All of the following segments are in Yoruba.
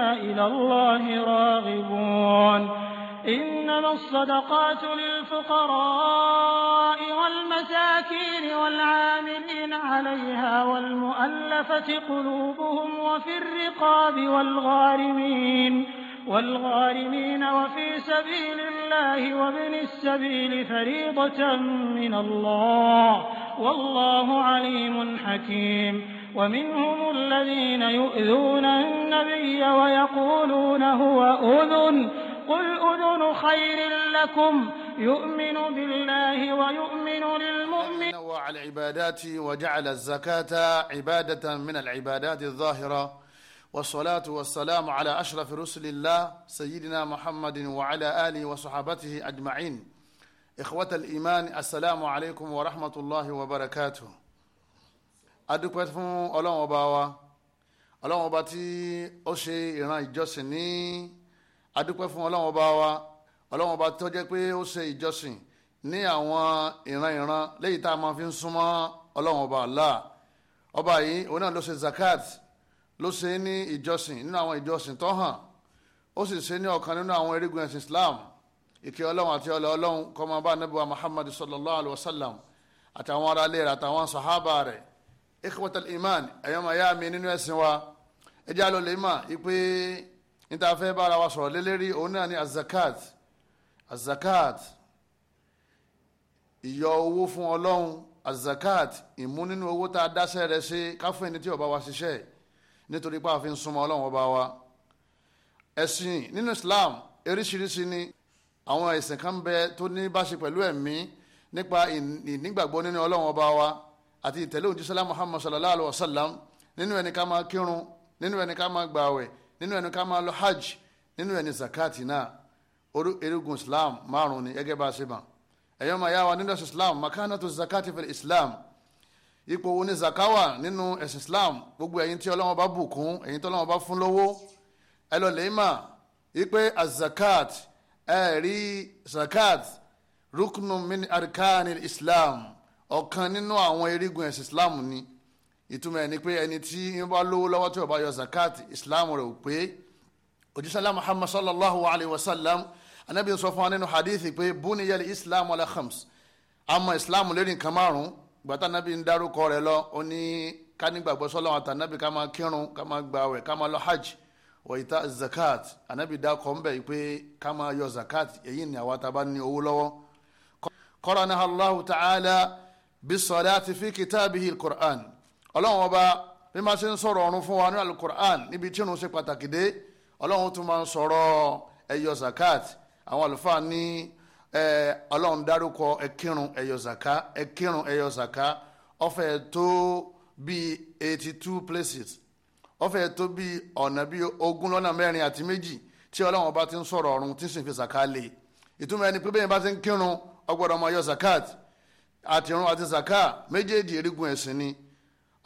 إلى الله راغبون إنما الصدقات للفقراء والمساكين والعاملين عليها والمؤلفة قلوبهم وفي الرقاب والغارمين والغارمين وفي سبيل الله وابن السبيل فريضة من الله والله عليم حكيم ومنهم الذين يؤذون النبي ويقولون هو أذن قل أذن خير لكم يؤمن بالله ويؤمن للمؤمن نوع العبادات وجعل الزكاة عبادة من العبادات الظاهرة والصلاة والسلام على أشرف رسل الله سيدنا محمد وعلى آله وصحابته أجمعين إخوة الإيمان السلام عليكم ورحمة الله وبركاته adúpẹ́ fún ọlọ́run ọba wa ọlọ́run ọba tí ó ṣe ìran ìjọsìn ní adúpẹ́ fún ọlọ́run ọba wa ọlọ́run ọba tó jẹ́ pé ó ṣe ìjọsìn ní àwọn ìran ìran léyìí tá a máa fi ń súnmọ́ ọlọ́run ọba Allah ọba yìí òun náà ló ṣe zakat ló ṣe ní ìjọsìn nínú àwọn ìjọsìn tó hàn ó sì ṣe ní ọ̀kan nínú àwọn erigun ẹ̀sìn Islam ìkẹ́ ọlọ́run àti ọlọ́ ọlọ́run kó máa bá sallallahu alayhi wa sallam àtàwọn aráalé rẹ̀ àtàwọn sàhábà rẹ̀ ikhwatal iman ẹ̀yọ́ máa yá mi nínú ẹ̀sìn wa ẹjẹ́ àlọ́ lè mà ipe níta fẹ́ bára wa sọ̀rọ̀ lélẹ́rí òun náà ni azakat azakat ìyọ owó fún ọlọ́run azakat ìmú nínú owó tá a dáṣẹ́ rẹ̀ ṣe káfún ẹni tí ó bá wa ṣiṣẹ́ nítorí pé a fi ń súnmọ́ ọlọ́run ọba wa ẹ̀sìn nínú Islam eríṣiríṣi ni àwọn ẹ̀sìn kan bẹ tó ní bá ṣe pẹ̀lú nípa ìnígbàgbọ́ nínú ọlọ́run ọba wa àti ìtẹ̀lé òjíṣẹ́ lá muhammad sallallahu alayhi wa sallam nínú ẹni ká máa kírun nínú ẹni ká máa gbààwẹ̀ nínú ẹni ká máa lọ hajj nínú ẹni zakati náà orí erigun islam márùn ni gẹ́gẹ́ bá a ṣe mọ̀ ẹ̀yọ́ máa yá wa nínú ẹ̀sìn islam makanatu zakati fil islam ipò wo ni zakawa nínú ẹ̀sìn islam gbogbo ẹ̀yin tí Ọlọ́run bá bùkún ẹ̀yin tí Ọlọ́run bá fún lówó ẹ lọ lè mà ipe azakat ẹ̀rí zakat ruknu min arkani islam ọ̀kan nínú àwọn erigun ẹ̀sìn islam ni ìtumọ̀ ẹ̀ ni pé ẹni tí ń bá lówó lọ́wọ́ tí ó bá yọ zakat islam rẹ̀ ò pé òjísàlá muhammad sallallahu alayhi wa sallam anabi sọ fún wa nínú hadithi pé buniyal islam ala khams àmọ́ islam lórí nǹkan márùn-ún gbàtà anabi ń dárúkọ rẹ̀ lọ ó ní ká nígbàgbọ́ sọ́lọ́wọ́n àtànábì ká máa kírun ká máa gbààwẹ̀ ká máa lọ hajj wọ̀nyíta zakat anabi dákọ̀ ń bẹ̀ yìí pé ká máa yọ zakat èyí ni àwa tá a bá ní owó lọ́wọ́ kọ́ra ní Allahu ta'ala. bisalati fi kitabihi alqur'an ọlọ́run ọba bí máa ṣe ń sọ̀rọ̀ ọ̀run fún wa ní alukur'an níbi tí òun ṣe pàtàkì dé ọlọ́run tún máa ń sọ̀rọ̀ ẹ̀yọ zakat àwọn àlùfáà ní ọlọ́run dárúkọ ẹ̀kírun zaka zaka tó bíi eighty two places ọ̀fẹ́ tó bíi ọ̀nà bíi ogún lọ́nà mẹ́rin àti méjì tí ọlọ́run ọba ti ń sọ̀rọ̀ ọ̀run tí ń fi zaka ìtumọ̀ àti irun àti zaka méjèèjì erigun ẹ̀sìn ni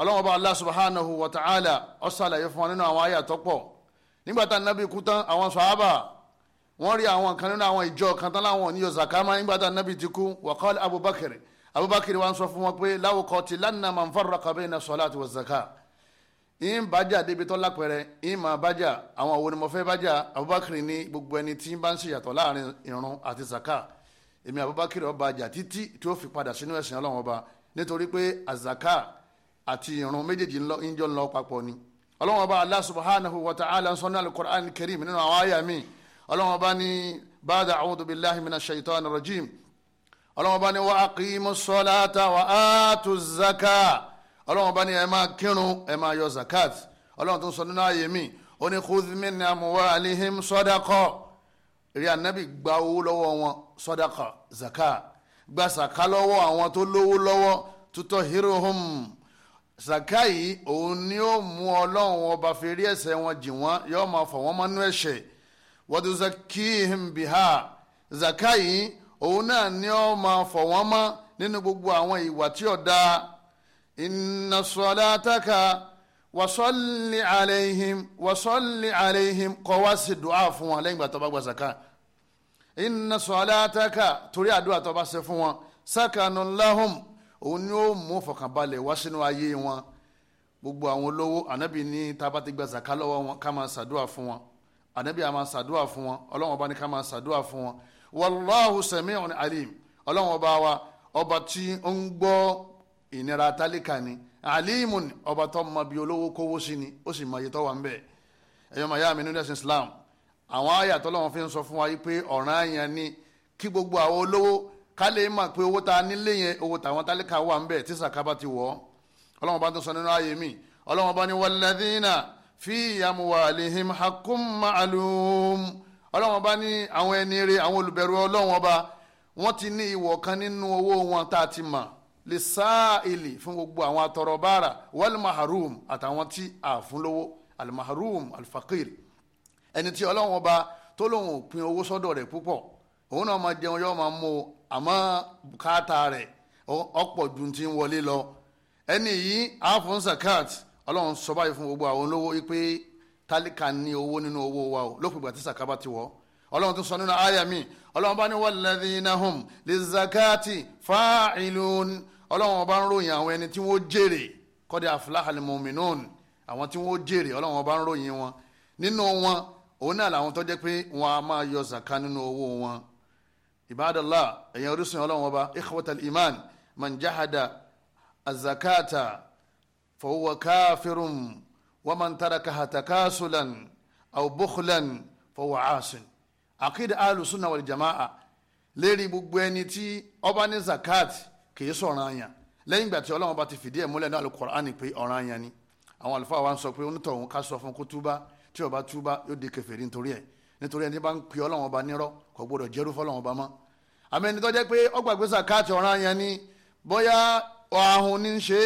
ọlọ́wọ́n bá Allah subhanahu wa ta'ala ó ṣàlàyé fún wa nínú àwọn àyà tó pọ̀ nígbà tá nábì kú tán àwọn sàhábà wọ́n rí àwọn kan nínú àwọn ìjọ kan tán láwọn oníyọ zaka máa nígbà tá nábì ti kú wa qala Abubakar Abubakar wa ń sọ fún wọn pé la uqatilanna man farraqa bayna salati wa zaka ìyín bájà débi tọ́lá pẹ̀rẹ́ ìyín máa bájà àwọn òwò ni mo fẹ́ bájà Abubakar ní gbogbo ẹni tí ń bá ń ṣèyàtọ̀ láàrin ìrun àti zaka èmi Abubakar ọba àjà títí tí ó fi padà sínú ẹ̀sìn ọlọ́run ọba nítorí pé azaka àti irun méjèèjì ńjọ ńlọ papọ̀ ni ọlọ́run ọba Allah subhanahu wa ta'ala ń sọ ní al-Qur'an al-Karim nínú àwọn àyà mi ọlọ́run ọba ní ba'da a'udhu billahi minash shaitani rajim ọlọ́run ọba ní wa aqimu salata wa atu zaka ọlọ́run ọba ní ẹ máa kírun ẹ máa yọ zakat ọlọ́run tó ń sọ nínú àyè mi ó ní khudh min amwalihim sadaqa eré anabi gba owó lọ́wọ́ wọn sọdaka zaka gba zaka lọ́wọ́ àwọn tó lówó lọ́wọ́ tutọ́ hirohom zaka yìí òun ni ó mú ọlọ́run ọba fèrè ẹ̀ṣẹ̀ wọn jì wọ́n yóò máa fọ̀ wọ́n mọ́nú ẹ̀ṣẹ̀ wọ́dúnzakihim biha zaka yìí òun náà ni ó máa fọ̀ wọ́n mọ́ nínú gbogbo àwọn ìwà tí ó dáa inna sọlátaka wasalli aleihim wasalli aleihim kọ́ wá sí du'a fún wọn lẹ́yìn ìgbà tó bá gba zaka inna salataka torí àdúrà tó bá ṣe fún wọn sakanun lahum òun ni ó mú fọkànbalẹ̀ wá sínú ayé wọn gbogbo àwọn olówó ànábì ní tá bá ti gba zaka wọn ká máa ṣàdúrà fún wọn ànábì á ṣàdúrà fún wọn ọlọ́wọ́n bá ní ká máa ṣàdúrà fún wọn wallahu sami'un alim ọlọ́wọ́n bá wa ọba tí ń gbọ́ ìnira tálíkà ni alimun ọba tó mọ bí olówó kówó sí ni ó sì mọ iye tó wà ń bẹ̀ ẹ̀yọ́ màyá mi nínú ẹ̀sìn Islam àwọn àyà tó lọ́wọ́ fi ń sọ fún wa yìí pé ọ̀ràn àyàn ni kí gbogbo àwọn olówó ká lè mọ̀ pé owó ta nílé yẹn owó tàwọn tálíkà wà ń bẹ̀ tí sàkábà ti wọ̀ ọlọ́wọ́n bá tó sọ nínú ààyè mi ọlọ́wọ́n bá ní walladhina fi amwalihim haqqun ma'lum ọlọ́wọ́n bá ní àwọn ẹni rere àwọn olùbẹ̀rù ọlọ́wọ́n bá wọ́n ti ní ìwọ̀ kan nínú owó wọn tá a ti mọ̀ lè sáàìlì fún gbogbo àwọn atọrọ bára wal àtàwọn tí a fún lówó al maharum ẹni tí ọlọ́run ọba tó lóun ò pin owó sọ́dọ̀ rẹ̀ púpọ̀ òun náà máa jẹun yóò máa mú o àmọ́ bùkátà rẹ̀ ọ̀pọ̀ ju ti ń wọlé lọ ẹni yìí àfọ̀n zakat ọlọ́run sọ báyìí fún gbogbo àwọn olówó pé tálíkà ní owó nínú owó wa o lópin ìgbà tí sàkábà ti wọ̀ ọlọ́run tó sọ nínú àyà mi ọlọ́run bá ní walladhina hum lizakati fa'ilun ọlọ́run ọba ń ròyìn àwọn ẹni tí wọ́n jèrè qad aflahal mu'minun àwọn tí wọ́n jèrè ọlọ́run ọba ń ròyìn wọn nínú wọn òun náà làwọn tó jẹ́ pé wọn a máa yọ zaka nínú owó wọn ibadallah ẹ̀yàn orísun ọlọ́run ọba ikhwatal iman man jahada azakata fahuwa kafirun wa man tarakaha takasulan aw bukhlan fahuwa asin akida alusunna wal jama'a lérí gbogbo ẹni tí ọba ní zakat kì í sọ̀ràn àyàn lẹ́yìn ìgbà tí ọlọ́run ọba ti fìdí ẹ̀ múlẹ̀ náà lọ Qur'an pé ọ̀ràn àyàn ni àwọn àlùfáà wa ń sọ pé onítọ̀hún ká sọ fún kó tí ó bá túbá yóò di kèfèrí nítorí ẹ̀ nítorí ẹni bá ń pè Ọlọ́run ọba nírọ́ kò gbọ́dọ̀ jẹ́rú fọ́lọ́run ọba mọ́ àmọ́ ẹni tó jẹ́ pé ó gbàgbé sàkáàtì ọ̀ràn yẹn ni bóyá ọ̀hún ní í ṣe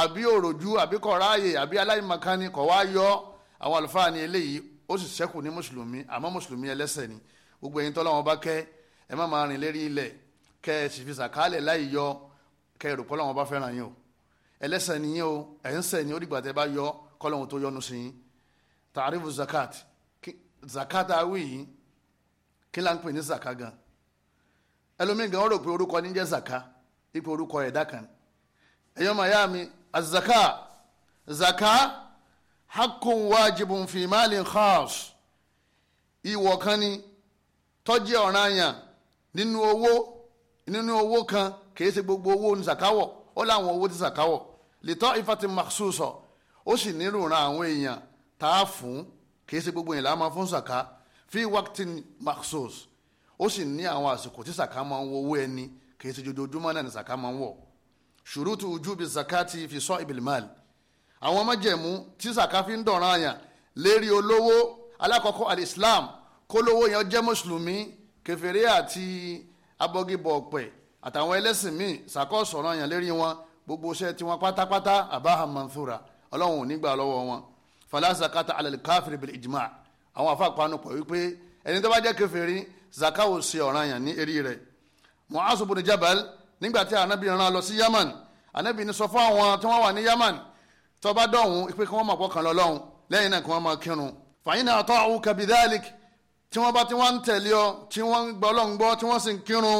àbí òròjú àbí kọ̀ráàyè àbí aláìmọ̀kánni kọ̀ wá yọ àwọn àlùfáà ní eléyìí ó sì ṣẹ́kù ní mùsùlùmí àmọ́ mùsùlùmí ẹlẹ́sẹ̀ ni gbogbo ẹ̀yin tọ́lọ́run ọba kẹ́ ẹ má máa rìn lérí ilẹ̀ kẹ́ ẹ sì fi sàkáàlẹ̀ láì yọ kẹ́ ẹ rò pé Ọlọ́run fẹ́ràn yín o ẹlẹ́sẹ̀ nìyẹn o ẹ̀ ń ṣẹ̀ ni ó dìgbà tẹ́ bá yọ kọ́lọ́run tó yọ́nú sí yín taarifu zakat zakat awi yìí kila là ń ni zaka gan ẹlòmíì gan ó rò pé orúkọ ní jẹ́ zaka ipò orúkọ ẹ̀dá kan ẹ̀yọ́ ya mi azaka zaka hakun wajibu fi maali khas ìwọ̀ kan ni tó jẹ́ n'inu nínú owó nínú owó kan kìí ṣe gbogbo owó ní zakawọ̀ ó láwọn owó ti zakawọ̀ lè tọ́ ifá ti màṣúsọ̀ ó sì nírùnrán àwọn èèyàn tá a fún kì í ṣe gbogbo yẹn la máa fún sàká fi wákìtì maxos ó sì ní àwọn àsìkò tí sàká máa ń wọ owó ẹni kì í ṣe jojoojúmọ́ náà ni sàká máa ń wọ̀ ṣùrùtù ujubi zakati fi sọ ìbìlímàlì àwọn májẹ̀mú tí sàká fi ń dọ̀ràn àyàn lérí olówó alákọ̀ọ́kọ́ alislam kólówó yẹn jẹ́ mùsùlùmí kèfèrí àti abọ́gibọ̀ ọ̀pẹ̀ àtàwọn ẹlẹ́sìn míì sàkọ́ sọ̀rọ̀ àyàn lérí wọn gbogbo iṣẹ́ tiwọn pátápátá àbáhà manthura ọlọ́run ò ní gbà lọ́wọ́ wọn fala zakata alali káfíìrì bil ijma àwọn afa panu pọ̀ wípé ẹni tó bá jẹ́ kèfèrí zakawo ṣe ọ̀ranyàn ní eré rẹ̀ mu'azu bin jabal nígbà tí anabi rán lọ sí yaman anabi ní sọ fún àwọn tí wọ́n wà ní yaman tó bá dọ̀hún pé kí wọ́n máa pọkàn lọ́lọ́hún lẹ́yìn náà kí wọ́n máa kírun fàyín náà tọ́ àwọn kàbí tí wọ́n bá ti wá ń tẹ̀lé ọ tí wọ́n ń gbọ́ lọ́n gbọ́ tí wọ́n sì ń kírun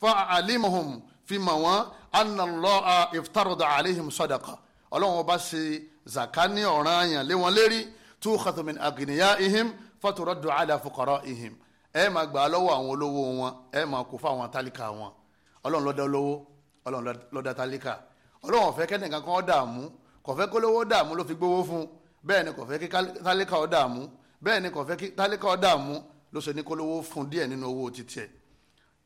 fún alimuhum fi mọ̀ wọ́n anna Allah iftarada alihim sadaqa ọlọ́run ọba ṣe zaka ní ọ̀ràn àyàn lé wọn lérí tú khatomin agìnìyà ihim faturaddu ala fukara ihim ẹ máa gbà á lọ́wọ́ àwọn olówó wọn ẹ máa kó fáwọn tálíkà wọn ọlọ́run ló dá olówó ọlọ́run ló dá tálíkà ọlọ́run ò fẹ́ kẹ́nìkan kan ó dààmú kò fẹ́ kólówó dààmú ló fi gbówó fún bẹ́ẹ̀ ni kò fẹ́ kí tálíkà ó dààmú bẹ́ẹ̀ ni kò kí tálíkà ó dààmú ló ṣe ní kólówó fún díẹ̀ nínú owó títí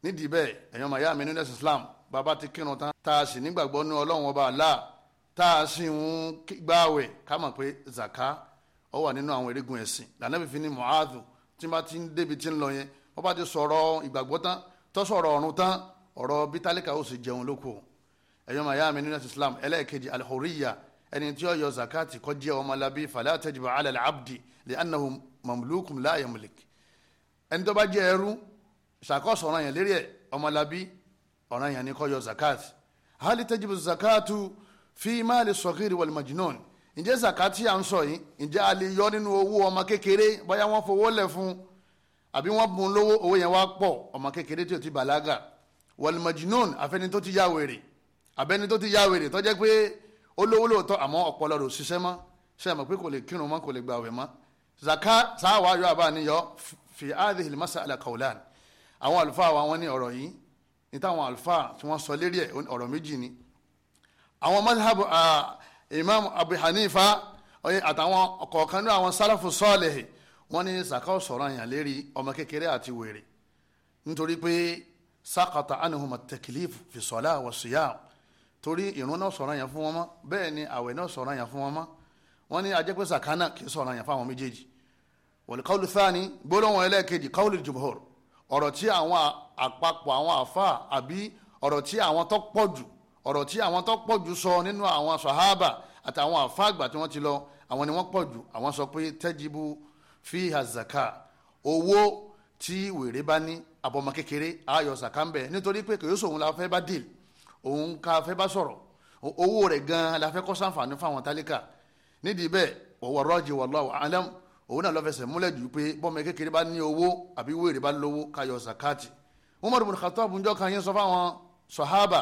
nídìí bẹ́ẹ̀ ẹ̀yàn màyá mi nínú Islam bàbá ti kírun tán tá a sì nígbàgbọ́ nínú ọlọ́run ọba Allah tá a sì ń gbààwẹ̀ ká mọ̀ pé zaka ó wà nínú àwọn erigun ẹ̀sìn lànàbí fi ní muhaadu tí bá ti ń débi tí ń lọ yẹn wọ́n bá ti sọ̀rọ̀ ìgbàgbọ́ tán tó sọ̀rọ̀ ọ̀run tán ọ̀rọ̀ bítálákà ó sì jẹun lóko ẹ̀yọ́ màyá mi nínú islam ẹlẹ́ẹ̀kejì alihuriya ẹni tí ó yọ zakati kó jẹ́ ọmọlábí fala tajibu ala abdi li annahu mamlukum la yamlik ẹni tó bá jẹ́ ẹrú ṣàkóso ọ̀ràn yẹn lérí fi máàlì sọ̀gìrì wal majnun ǹjẹ́ zakati à ń sọ yìí ǹjẹ́ a lè yọ nínú owó ọmọ kékeré bóyá wọ́n fowó lẹ̀ fún àbí wọ́n bùn lówó owó yẹn wá pọ̀ ọmọ kékeré tí ó ti bàlágà wal majnun àfẹni tó ti yá wèrè àbẹni tó ti yá wèrè tó pé ó lówó lóòótọ́ àmọ́ ọpọlọ rẹ̀ ṣiṣẹ́ mọ́ ṣe àmọ́ pé kò lè kírun mọ́ kò lè gbàwẹ̀ mọ́ zaka sáwà yọ fi hadhihi al-mas'ala qawlan àwọn àlùfáà wa wọ́n ní ọ̀rọ̀ yìí ní táwọn àlùfáà tí wọ́n àwọn madhab ah, imam abu hanifa àtàwọn ọ̀kọ̀ọ̀kan ní àwọn sálàfù sọ́ọ̀lẹ̀ wọn ní zaka sọ̀rọ̀ àyàn lérí ọmọ kékeré àti wèrè nítorí pé sakata anahum at-taklif fi salat wa torí ìrun náà sọ̀rọ̀ àyàn fún wọn mọ́ bẹ́ẹ̀ ni àwẹ̀ náà sọ̀rọ̀ àyàn fún wọn mọ́ wọn ní ajẹ́ sàkánà kì í sọ̀rọ̀ àyàn fáwọn méjèèjì wal qawlu thani gbólóhùn ẹlẹ́ẹ̀kejì qawlu jumhur ọ̀rọ̀ tí àwọn àpapọ̀ àwọn àfa àbí ọ̀rọ̀ tí àwọn tó pọ̀ jù ọ̀rọ̀ tí àwọn tó pọ̀ jù sọ nínú àwọn sahaba àtàwọn àfáàgbà tí wọ́n ti lọ àwọn ni wọ́n pọ̀ jù àwọn sọ pé tẹ́jibú fi hazaka owó tí wèrè bá ní àbọ̀mọ kékeré ayọ̀ zaka ń bẹ̀ nítorí pé kò òun la fẹ́ bá dìl òun ká fẹ́ bá sọ̀rọ̀ owó rẹ̀ gan-an la fẹ́ kọ́ sànfàní fáwọn tálíkà nídìí bẹ́ẹ̀ ọ̀wọ́ rọ́ọ̀jì wallahu alam òun náà lọ́fẹsẹ̀ múlẹ̀ jù pé bọ́mọ kékeré bá ní owó àbí wèrè bá lówó ká yọ zakati Umar bin Khattab njọ́ kan yẹn sọ fáwọn sahaba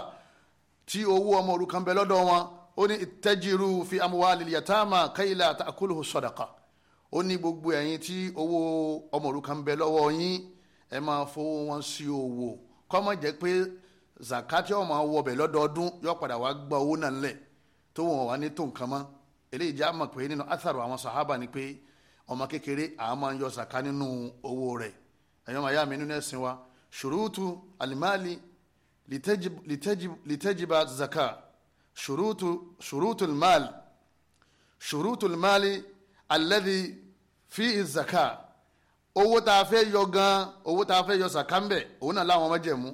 tí owó ọmọ òrukàn bẹ lọ́dọ̀ wọn ó ní ìtẹ́jìrú fi amúwálì yàtàmà káyìlá àtàkùlù sọ̀dàkà ó ní gbogbo ẹ̀yin tí owó ọmọ òrukàn bẹ lọ́wọ́ yín ẹ máa fowó wọn sí owó kó jẹ́ pé zakati ọmọ ní tó nǹkan mọ́ eléyìí pé nínú àwọn sahaba ni pé ọmọ kékeré àá zaka nínú owó rẹ̀ yá mi nínú ẹ̀sìn wa alimali لتجب, لتجب, لتجب الزكاة شروط شروط المال شروط المال الذي فيه الزكاة owó tá a fẹ́ yọ gan owó tá a fẹ́ yọ sàkánbẹ̀ òun náà láwọn májẹ̀mú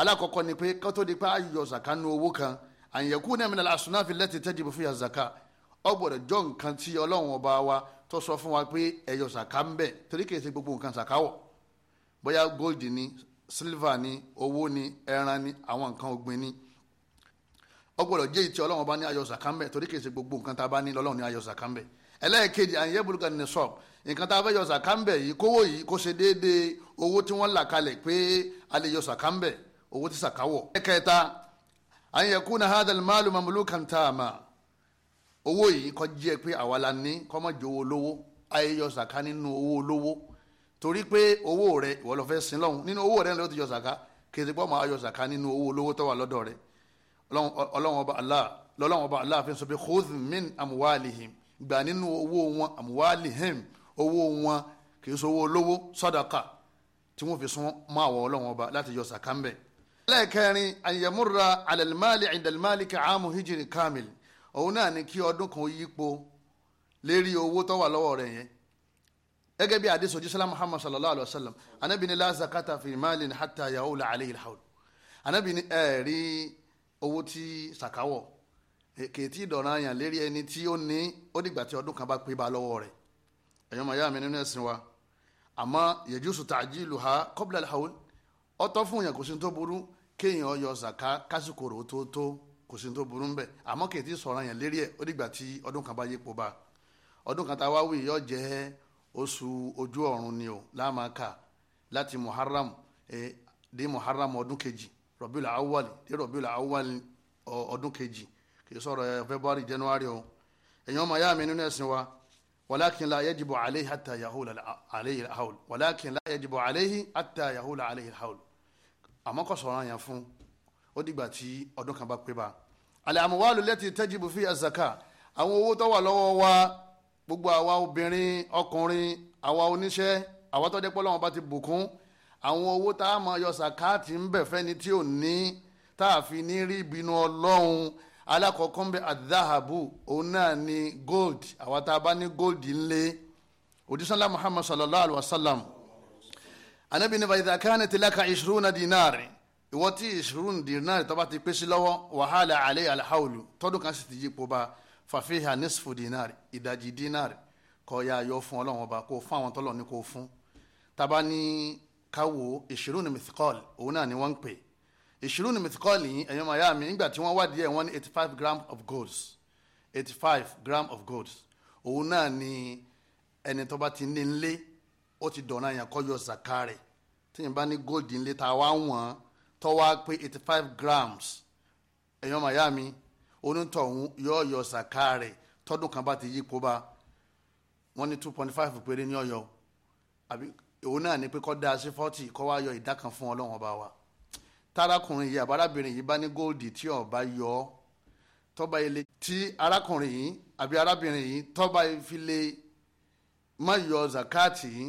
alákọ̀ọ́kọ́ ni pé kó tó di pé a yọ sàkánú owó kan àyẹ̀kú náà mìíràn àsunáfi lẹ́tì tẹ́jú fún yàzàká ọgbọ̀dọ̀ jọ nǹkan tí ọlọ́run ọba wa tó sọ fún wa pé ẹ̀yọ sàkánbẹ̀ torí kìí ṣe gbogbo nǹkan sàkáwọ̀ bóyá gold ni silva ni owó ni ẹran ni àwọn nǹkan ọ̀gbìn ni ó gbọ́dọ̀ jẹ́ ìtì ọlọ́run bá ní ayọ̀ sàkánbẹ̀ torí kìí ṣe gbogbo nǹkan tá a bá ní lọ́lọ́run ní ayọ̀ sàkánbẹ̀ ẹlẹ́ẹ̀kejì àyẹ̀yẹ́ burúkú ni sọ nǹkan tá a fẹ́ yọ sàkánbẹ̀ yìí kówó yìí kó ṣe déédéé owó tí wọ́n là kalẹ̀ pé a lè yọ sàkánbẹ̀ owó tí sàkáwọ̀. ẹ̀kẹta àyẹ̀kú na hadal maalu mamlukan taama owó yìí kó jẹ́ pé àwa la ní kó owó olówó ayẹyọ sàká nínú owó olówó torí pé owó rẹ ìwọ lọ fẹ́ sin lọ́hùn nínú owó rẹ ló ti yọ sàká kéde pọ́ máa yọ sàká nínú owó olówó tó wà lọ́dọ̀ rẹ ọlọ́run ọba Allah lọ́lọ́run ọba Allah fi sọ pé khudh min amuwalihim gbà nínú owó wọn amuwalihim owó wọn kìí sọ owó olówó sàdákà tí wọ́n fi sún mọ́ àwọn ọlọ́run ọba láti yọ sàká ń bẹ̀. lẹ́ẹ̀kẹrin alẹ́lmáàlì ìdàlmáàlì kàámu hijiri kamil òun náà ni kí ọdún kan yípo lérí owó tó lọ́wọ́ rẹ̀ yẹn gẹ́gẹ́ bí adé sojú sálá muhammad sallallahu alayhi wa sallam anabi ni la zakata fi malin hatta yahula alayhi alhawl anabi ni ẹ rí owó tí sàkáwọ̀ kèétí ìdọ̀ràn àyàn lérí ẹni tí ó ní ó dìgbà tí ọdún kan bá pé bá lọ́wọ́ rẹ̀ ẹ̀yọ́ màá yá mi nínú ẹ̀sìn wa àmọ́ yajusu ta'jiluha qabla alhawl ọtọ́ fún yàn kò sí tó burú kéèyàn yọ zaka kásìkò rò tó tó kò sí tó burú ńbẹ àmọ́ kèétí sọ̀rọ̀ àyàn lérí ẹ̀ ó dìgbà tí ọdún kan bá yípo bá ọdún kan tá a wá wí yọ jẹ́ oṣù ojú ọ̀run ni o láàmàkà láti muharram dé muharram ọdún kejì rọ̀bìlà awal dé rọ̀bìlà awal ọdún kejì kì í sọ̀rọ̀ february january o èèyàn ọmọ ayá mi nínú ẹ̀sìn wa walakin la yajibu alayhi hatta yahula alayhi haul walakin la yajibu alayhi hatta yahula alayhi haul àmọ́ kò sọ̀rọ̀ yẹn fún ó dìgbà tí ọdún kan bá pé bá al amwalu lati tajibu fi azaka àwọn owó tó wà lọ́wọ́ wa gbogbo àwa obìnrin ọkùnrin àwa oníṣẹ́ àwa tó jẹ́ pé Ọlọ́run bá ti bùkún àwọn owó tá a máa yọ sàkáàtì ń bẹ̀ fẹ́ni tí ò ní tá a fi ní rí ìbínú Ọlọ́run alákọ̀ọ́kọ́ ń bẹ àdáhàbù òun náà ni gold àwa tá a bá ní gold ńlẹ̀ òjísọ́lá Muhammad sallallahu alayhi wa sallam anabi ní fàyídà kánà tí lákà ìṣirúnà dínárì ìwọ tí ìṣirúnà dínárì tó bá ti pèsè lọ́wọ́ wàhálà àlẹ́ alhàwùlù tọ́dún kan sì ti yípo bá a fàfihàn nisfu dinari ìdajì dinari kó ya yọ fún ọlọ́run ọba kó fún àwọn tọ́lọ̀ ní kó fún taba ní káwo ìṣirúnù mithqal òun náà ni wọ́n ń pè ìṣirúnù mithqal yìí ẹ̀yọ́ màyá mi nígbà tí wọ́n wádìí ẹ̀ wọ́n ní eighty five gram of gold eighty five gram of gold òun náà ni ẹni tó bá ti ní nlé ó ti dọ̀nà yẹn kó yọ zaka rẹ̀ tíyẹn bá ní gold nlé tá a wá wọ̀n tó wá pé eighty five grams ẹ̀yọ́ màyá mi onítọ̀hún yóò yọ sàká rẹ̀ tọ́dún kan bá ti yí kó bá wọ́n ní two point five péré ní ọ̀yọ́ àbí òun náà ni pé kọ́ da sí forty kọ́ wá yọ ìdá kan fún ọlọ́wọ́n bá wa tárakùnrin yìí àbárábìnrin yìí bá ní góòdì tí ọba yọ ọ́ tọ́ba ilé tí arákùnrin yìí àbí arábìnrin yìí tọ́ba ìfilé má yọ zakati yìí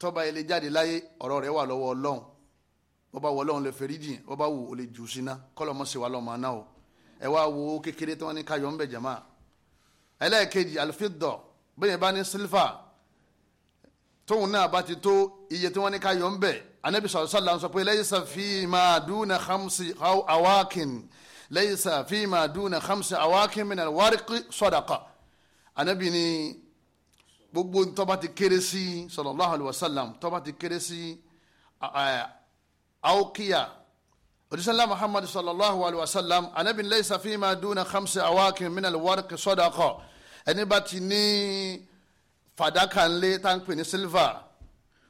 tọ́ba ilé jáde láyé ọ̀rọ̀ rẹ̀ wà lọ́wọ́ ọlọ́run bọ́ba wọ ọlọ́run lè fẹ́rí jìn bọ́ba wù ó lè jù síná kọ́lọ́mọ́sẹ̀ wà lọ́mọ náà o ẹ wá wo kékeré tí wọ́n ní káyọ̀ ń bẹ̀ jẹ̀má ẹlẹ́ẹ̀kejì alfidọ̀ bẹ́ẹ̀ bá ní sílfà tóun náà bá ti tó iye tí wọ́n ní káyọ̀ ń bẹ̀ anabi sallallahu alaihi wasallam pé laysa fi ma duna khamsi awakin laysa fi ma duna khamsi awakin min alwariqi sadaqa anabi ni gbogbo tó ti kéré sí sallallahu alaihi wasallam tó bá ti kéré sí awkiya odisala muhammadu sallallahu alaihi wa sallam anabi laysa fima duna khamsi awaki min alwarqi sadaqa ẹni bá ti ní fàdákà ńlẹ tá n pè ní silver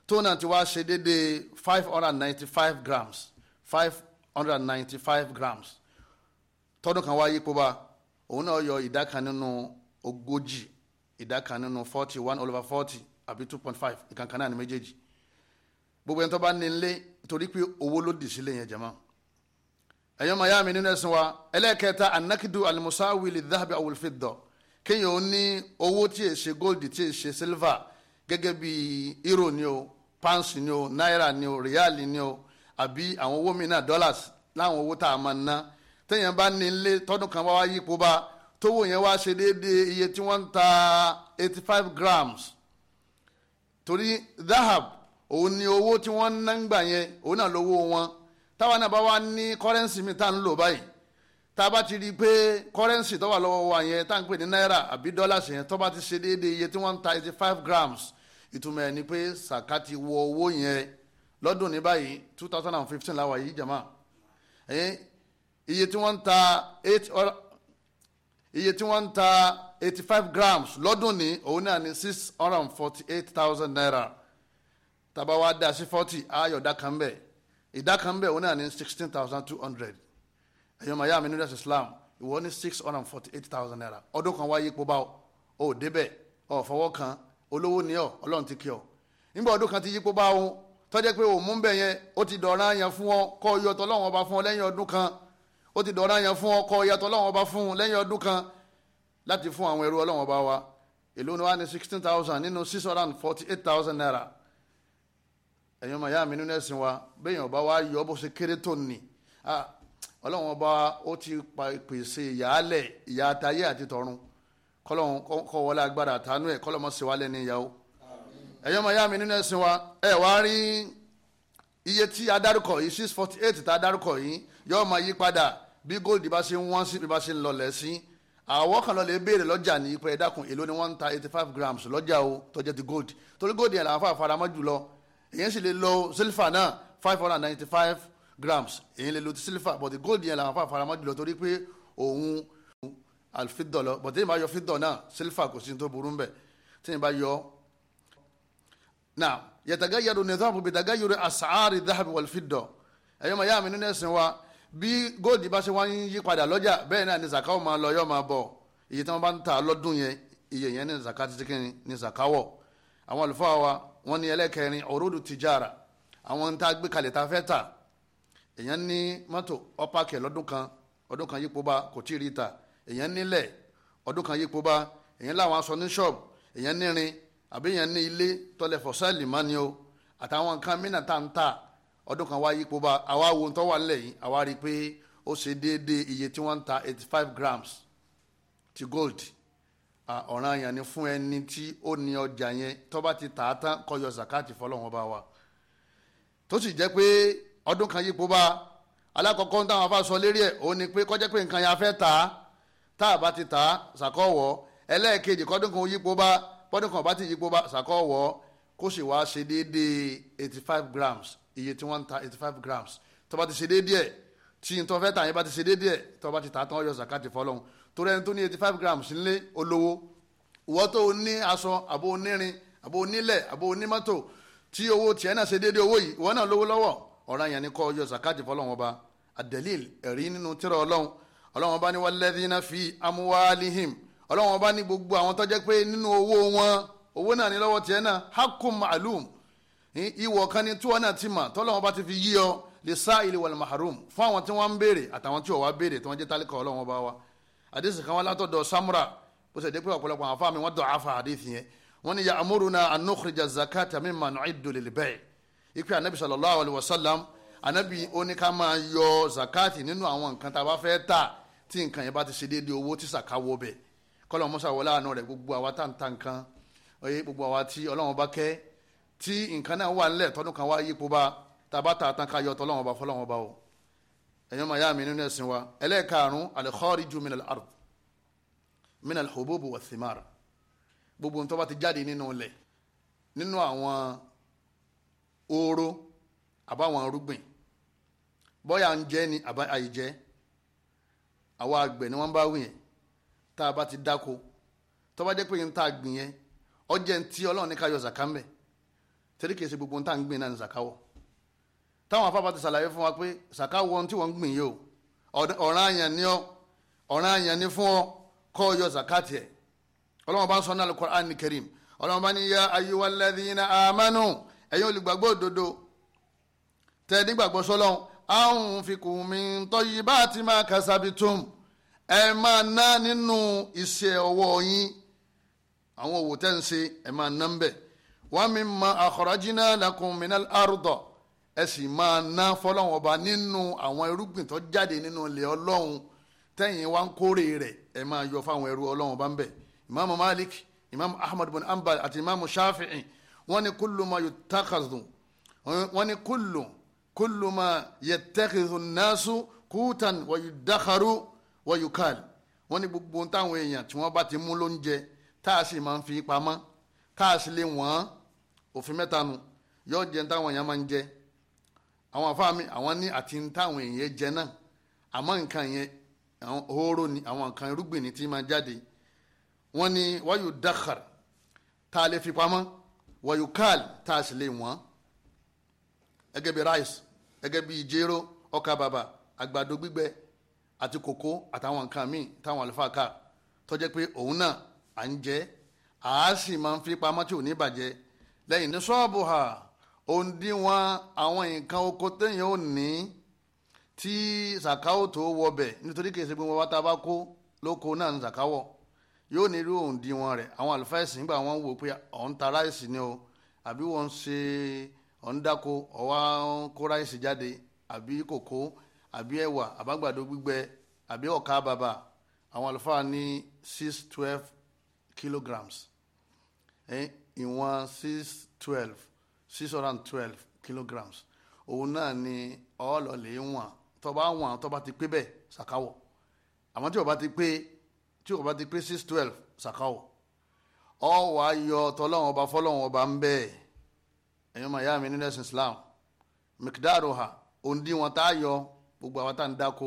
tó náà ti wá ṣe déédéé five hundred and ninety five grams five hundred and ninety five grams tọdún kan wá yípo bá òun náà yọ ìdá nínú ogójì ìdá nínú forty one over forty àbí two point five nǹkan náà ní méjèèjì gbogbo ẹni tó bá ní ilé torí pé owó ló dì sílé yẹn jẹ mọ́ ẹ̀yọ́ màá yá mi nínú ẹ̀sìn wa ẹlẹ́ẹ̀kẹta anakidu alimusawi li dhahabi awolfidọ kéèyàn ó ní owó tí yẹ ṣe gold tí yẹ ṣe silver gẹ́gẹ́ bí euro ni o pounds ni o náírà ni o real ni o àbí àwọn owó mi náà dollars láwọn owó tá a máa ná téèyàn bá ní ilé tọdún kan bá wá yípo bá tówó yẹn wá ṣe déédéé iye tí wọ́n ń ta eighty five grams torí dhahab òun ni owó tí wọ́n ń ná ń gbà yẹn òun náà lówó wọn táwa náà bá wá ní kọ́rẹ́ǹsì mi tá à ń lò báyìí tá a bá ti rí i pé kọ́rẹ́ǹsì tó wà lọ́wọ́ wa yẹn tá à ń pè ní náírà àbí dọ́làsì yẹn tó bá ti ṣe déédéé iye tí wọ́n ń ta eighty five grams ìtumọ̀ ẹ̀ ni pé sàká ti wọ owó yẹn lọ́dún ní báyìí two thousand and fifteen láwa yìí jàmá ẹ̀yìn iye tí wọ́n ń ta eight iye tí wọ́n ń ta eighty five grams lọ́dún ní òun náà ni six hundred and forty eight thousand naira tá a dá sí forty ayọ̀dá kan bẹ́ẹ̀ ìdá kan bẹ́ẹ̀ òun náà ní sixteen thousand two hundred ẹ̀yọ́ màá mi nílẹ̀ islam ìwọ ní six hundred and forty eight thousand naira ọdún kan wáyé ipò báwo o ò débẹ̀ o ò fọwọ́ kan olówó ni ọ ọlọ́run ti kí ọ nígbà ọdún kan ti yípo báwo tọ́jẹ́ pé òun mú bẹ̀ yẹn ó ti dọ̀ọ́rá yẹn fún ọ kọ́ ọ yọtọ̀ lọ́wọ́n ọba fún ọ lẹ́yìn ọdún kan ó ti dọ̀ọ́rá yẹn fún ọ kọ́ ọ yọtọ̀ lọ́wọ́n ọba fún ọ lẹ́yìn ọdún kan láti fún àwọn ẹrú ọlọ́wọ́n ọba wa èlò ni wá ní sixteen thousand nínú six hundred and forty eight thousand naira ẹ̀yin ọmọ ìyá mi nínú ẹ̀sìn wa bẹ́ẹ̀yàn ọba wa yọ bó ṣe kéré tó nì ọlọ́run ọba ó ti pèsè ìyáálẹ̀ ìyá atayé àti tọ̀run kọlọ́run kọ́ wọlé agbára àtànú ẹ̀ kọlọ́mọ ṣe wálẹ̀ ní ìyàwó ẹ̀yin ọmọ ìyá mi nínú ẹ̀sìn wa ẹ̀ wá rí iye tí a yìí six forty eight tá a dárúkọ yìí yóò máa yí padà bí gold bá ṣe ń wọ́n sí bí bá ṣe ń lọlẹ̀ sí àwọ̀ kan lọ lè béèrè lọ́jà ní ipò ẹ̀dákun èló ni wọ́n ń ta eighty five grams lọ́jà o tó ti gold torí gold yẹn làwọn afáfara jùlọ èyàn sì lè lo sílfà náà five hundred and ninety five grams èyàn lè lo sílfà but the gold yẹn làwọn afáfara mọ́ jùlọ torí pé òun àlfídọ̀ lọ but tí yìí bá yọ fídọ̀ náà sílfà kò sí ní tó burú mbẹ̀ tí yìí yọ. now yatagayyaru nidhamu bitagayyuri as'ari dhahabi wal fidda ẹ̀yọ́ mọ̀ yá mi nínú ẹ̀sìn wa bí gold bá ṣe wá ń yí padà lọ́jà bẹ́ẹ̀ náà ni zaka ó máa lọ yọ́ máa bọ̀ iye tí wọ́n bá ń ta lọ́dún yẹn iye yẹn ní zaka títí kí ni zaka àwọn àlùfáà wa wọ́n ni ẹlẹ́kẹrin òróró tìjára àwọn ohun tá a gbé kalẹ̀ tá a fẹ́ tà èèyàn ní mọ́tò ọ́pàkẹ́ lọ́dún kan ọdún kan yípo bá kò tí ì rí ta èèyàn nílẹ̀ ọdún kan yípo bá èèyàn láwọn aṣọ ní ṣọ́ọ̀bù èèyàn nírin àbí èèyàn ní ilé tọ́lẹ̀ o àtàwọn nǹkan wo ń yìí àwa rí i iye tí wọ́n ta eighty five grams ti gold ọ̀ràn yẹn ni fún ẹni tí ó ní ọjà yẹn tó bá ti tà á tán zakati wa tó sì jẹ́ pé ọdún kan yípo bá alákọ̀ọ́kọ́ ń táwọn afá sọ lérí ẹ̀ òun ni pé pé nǹkan yẹn afẹ́ tà á tá a bá ti tà á sàkọ́wọ́ ẹlẹ́ẹ̀kejì kọ́dún kan yípo bá kan ta eighty five grams ti ṣe déédéé zakati torí ẹni tó ní eighty five grams nílé olówó ìwọ́ tó ní aṣọ àbò onírin àbò onílẹ̀ àbò onímọ́tò tí owó tiẹ̀ náà ṣe déédéé owó yìí ìwọ́ náà lówó lọ́wọ́ ọ̀ràn yẹn ni kó yọ zakati fọlọ́wọ́n ba adelil ẹ̀rí nínú tírà ọlọ́run ọlọ́run ọba ní walladhina fi amwalihim ọlọ́run ọba ní gbogbo àwọn tó jẹ́ pé nínú owó wọn owó náà ní lọ́wọ́ tiẹ̀ náà hakum alum ìwọ̀ kan ni tí wọ́n náà ti mà tọ́lọ́wọ́n bá ti fi yí ọ lè sá ìlú wal mahrum fún àwọn tí wọ́n ń béèrè àtàwọn tí wọ́n wá béèrè tí wọ́n jẹ́ tálíkà ọlọ́run ọba wa àdìsí kan wá látọ̀dọ̀ samura bó ṣe dé pé ọ̀pọ̀lọpọ̀ àwọn afáàmì wọn dọ̀ afa àdìsí yẹn wọn ni ya'muruna an nukhrija zakata mimma nu'iddu lil bay' ipe anabi sallallahu alayhi wa sallam anabi ó ní ká máa yọ zakati nínú àwọn nǹkan tá a bá fẹ́ tà tí nǹkan yẹn bá ti ṣe déédéé owó tí sàká wọ bẹ̀ kọ́lọ̀ musa wọlé àánú rẹ̀ gbogbo àwa tá n ta nǹkan oye gbogbo àwa tí ọlọ́run bá kẹ́ tí nǹkan náà wà nílẹ̀ tọdún kan wá yípo bá tá a bá ta àtàn ká yọ tọ́lọ́run bá fọlọ́run bá o ẹ̀yọ́ màá yá mi nínú ẹ̀sìn wa ẹlẹ́ẹ̀karùn-ún al-khariju minal ard minal hububu wa thimar gbogbo ntọ́ bá ti jáde nínú ilẹ̀ nínú àwọn oró àbáwọn irúgbìn bọ́yà ń jẹ́ ni àbá àìjẹ́ àwọn àgbẹ̀ ni wọ́n bá wù yẹn tá a bá ti dáko tó jẹ́ pé n ta gbìn yẹn ọjẹ́ ntí ọlọ́run ní ká yọ zàkà ń bẹ̀ torí kìí ṣe gbogbo n ń gbìn náà ní zàkà wọ̀ táwọn afábá ti ṣàlàyé fún wa pé ṣàká wọn tí wọ́n ń gbìn yìí o ọ̀ràn àyàn ni ọ ọ̀ràn àyàn ni fún ọ kọ́ ọ yọ zakati ẹ̀ ọlọ́wọ́n bá ń sọ ní al-Qur'an Karim ọlọ́wọ́n bá ní ya ayyuhal ladhina amanu ẹ̀yin olùgbàgbọ́ òdodo tẹ́ nígbàgbọ́ sọ́lọ́n anfiqu min tayyibati ma kasabtum ẹ máa ná nínú iṣẹ́ ọwọ́ yín àwọn òwò tẹ́ ń ṣe ẹ máa ná ń bẹ̀ wa mimma akhrajna lakum minal arda ẹ sì máa ná fọlọ́run ọba nínú àwọn irúgbìn tó jáde nínú ilẹ̀ ọlọ́run tẹ́yìn wá ń kórè rẹ̀ ẹ máa yọ fáwọn ẹrú ọlọ́run ọba ń bẹ̀ imaamu malik imaamu ahmad bin ambal àti imaamu shafi'i wọ́n ní kullu ma yuttakhadhu wọ́n ní kullu kullu ma yattakhidhu an-nasu kútan wa yuddakharu wa yukal wọ́n ní gbogbo táwọn èèyàn tí wọ́n bá ti mú lóúnjẹ tá máa ń fi pamọ́ tá lè wọ́n òfin mẹ́ta nu yóò jẹ táwọn èèyàn máa ń jẹ àwọn afáàmì àwọn ní àti ń táwọn èèyàn jẹ náà àmọ́ nǹkan yẹn àwọn hóró ni àwọn nǹkan irúgbìn ni tí máa jáde wọ́n ní wáyù dákàr tá a lè fi pamọ́ wáyù káàlì tá a sì lè wọ́n gẹ́gẹ́ bí rice gẹ́gẹ́ bí jéró ọkà bàbà àgbàdo gbígbẹ àti kòkó àtàwọn nǹkan míì táwọn àlùfáà ká tó pé òun náà à ń jẹ àá sì máa ń fi pamọ́ tí ò ní bàjẹ́ lẹ́yìn ní sọ́ọ̀bù hà òǹdíwọ̀n àwọn nǹkan oko téèyàn ò ní tí sàkáwò tó wọbẹ̀ nítorí kìí ṣe gbogbo wa tá a bá kó lóko náà ní sàkáwọ̀ yóò ní irú òǹdíwọ̀n rẹ̀ àwọn àlùfáà ẹ̀sìn nígbà wọn wò pé ọ̀hún ta ráìsì ni o àbí wọ́n ń ṣe ọ̀hún dáko ọ̀wá kó ráìsì jáde àbí kòkó àbí ẹ̀wà àbágbàdo gbígbẹ àbí ọ̀ka bàbà àwọn àlùfáà ní six twelve kilograms ìwọ̀n six twelve six hundred twelve kilograms òun náà ni ọ̀ọ́lọ́lẹ̀ wọn tọba wọn tọba ti pé bẹ́ẹ̀ ṣàkáwọ̀ àmọ́ tí o bá ti pé tí o bá ti pé six twelve ṣàkáwọ̀ ọ wà á yọ tọ́lọ́wọ́n ọba fọ́lọ́wọ́n ọba ń bẹ́ẹ̀ ẹ̀yin màá mi nílẹ̀ sin Islam mikdaro ha òǹdí wọn tá a yọ gbogbo àwọn tá à ń dáko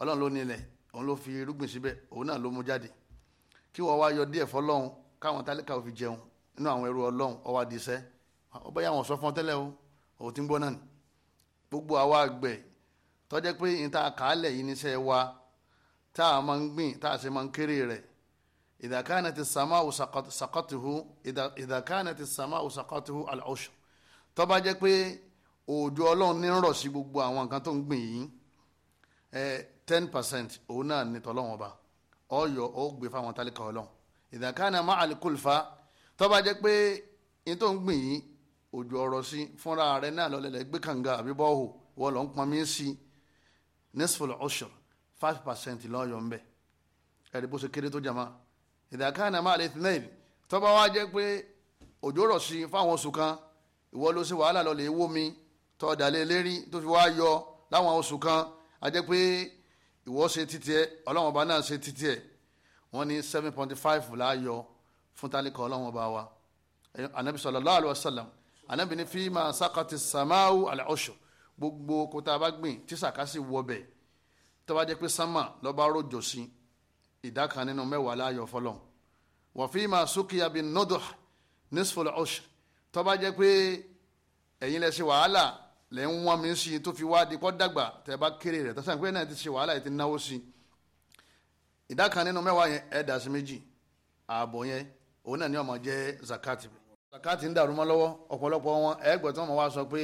ọlọ́run ló nílẹ̀ òun ló fi irúgbìn síbẹ̀ òun náà ló mú jáde kí wọ́n wá yọ díẹ̀ fọ́lọ́run káwọn tálíkà ò fi jẹun nínú àwọn ẹrú ọlọ́run ọwọ́ àdìsẹ́ ó bá yà wọ́n sọ fún ọ tẹ́lẹ̀ o ò ti ń gbọ́ náà ni gbogbo àwa àgbẹ̀ tọ́jẹ́ pé n ta kàálẹ̀ yìí níṣẹ́ wa tá a máa ń gbìn tá a sì máa ń kéré rẹ̀ ìdàkánà ti sàmà ò sàkọ́tìhù ìdàkánà ti sàmà ò sàkọ́tìhù àlọ́ṣù tó bá jẹ́ pé òòjọ́ ọlọ́run ní ń rọ̀ sí gbogbo àwọn nǹkan tó ń gbìn yìí ten percent òun náà ní tọ́lọ́run ọba ọ̀yọ́ ó gbé fáwọn tálíkà ọlọ́run ìdàkánà má àlìkùlfà tó bá jẹ́ pé n tó ń gbìn yìí òjò ọ̀rọ̀ sí fúnra rẹ̀ náà lọ́lẹ̀lẹ̀ gbé kànga àbí bọ́ọ̀hù lọ ń pọnmi sí nisful ushur five percent lọ́yọ̀ ńbẹ ẹ̀rí bó ṣe kéré tó jama ìdàkánná máa lè tẹ́lẹ̀ tọ́ba wa jẹ́ pé òjò rọ̀ sí fáwọn oṣù kan ìwọ ló ṣe wàhálà lọ lè wó mi tọ́ dalẹ̀ lérí tó fi wá yọ láwọn oṣù kan a jẹ́ pé ìwọ ṣe títí ẹ ọlọ́wọ́n ọba náà ṣe títí ẹ wọ́n ní seven point five láàyọ fún tálíkọ̀ ọlọ́wọ́n ọba wa anabi sallallahu alaihi wasallam anábìíní fíìmà sakati samáwù alẹ́ọ̀ṣọ́ gbogbo kóta bá gbìn tí sàkásì wọbẹ̀ tó bá jẹ́ pé sámà lọ́ba rọ̀jò sí ìdá kan nínú mẹ́wàá láàyò fọlọ́ wọ́n fíìmà sókìyà bíi nọ́dọ̀ nísfọlọ́ ọ̀ṣọ́ tó bá jẹ́ pé ẹ̀yin lẹ ṣe wàhálà lẹ ń wọ́n mi sí tó fi wá di dàgbà tẹ́ bá kéré rẹ̀ tọ́sán pé náà ti ṣe wàhálà yìí ti náwó sí ìdá kan nínú mẹ́wàá yẹn ẹ̀ dà sí méjì ààbọ̀ yẹn òun náà ni ó máa zakati mi àkáǹtì ń dàrú mọ́ lọ́wọ́ ọ̀pọ̀lọpọ̀ wọn ẹgbẹ́ tí wọ́n mọ̀ wá sọ pé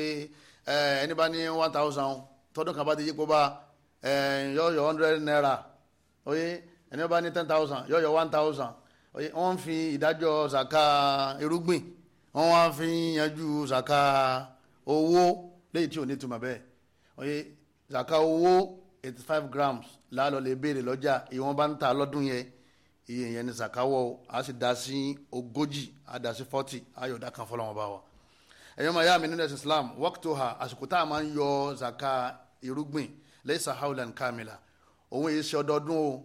ẹni bá ní one thousand tọdún kan bá ti yípo bá yọ̀ọ̀yọ̀ hundred naira oye ẹni bá ní ten thousand yọ̀ọ̀yọ̀ one thousand oye wọ́n fi ìdájọ́ sàká irúgbìn wọ́n wá fi yanjú sàká owó léyìí tí ò ní túmọ̀ bẹ́ẹ̀ oye sàká owó eighty five grams láàlọ́ lè béèrè lọ́jà ìwọ̀n bá ń ta lọ́dún yẹn iye yẹn ni zakawọ a sì da sí ogójì a da sí fọ́tì a yọ̀ da kan fọlọ́wọn bá wa ẹ̀yọ́ máa mi nínú ẹ̀sìn Islam wọ́kítò ha àsìkò tá a máa ń yọ zaka irúgbìn lẹ́sà haulan kamila òun èyí ṣe ọdọọdún o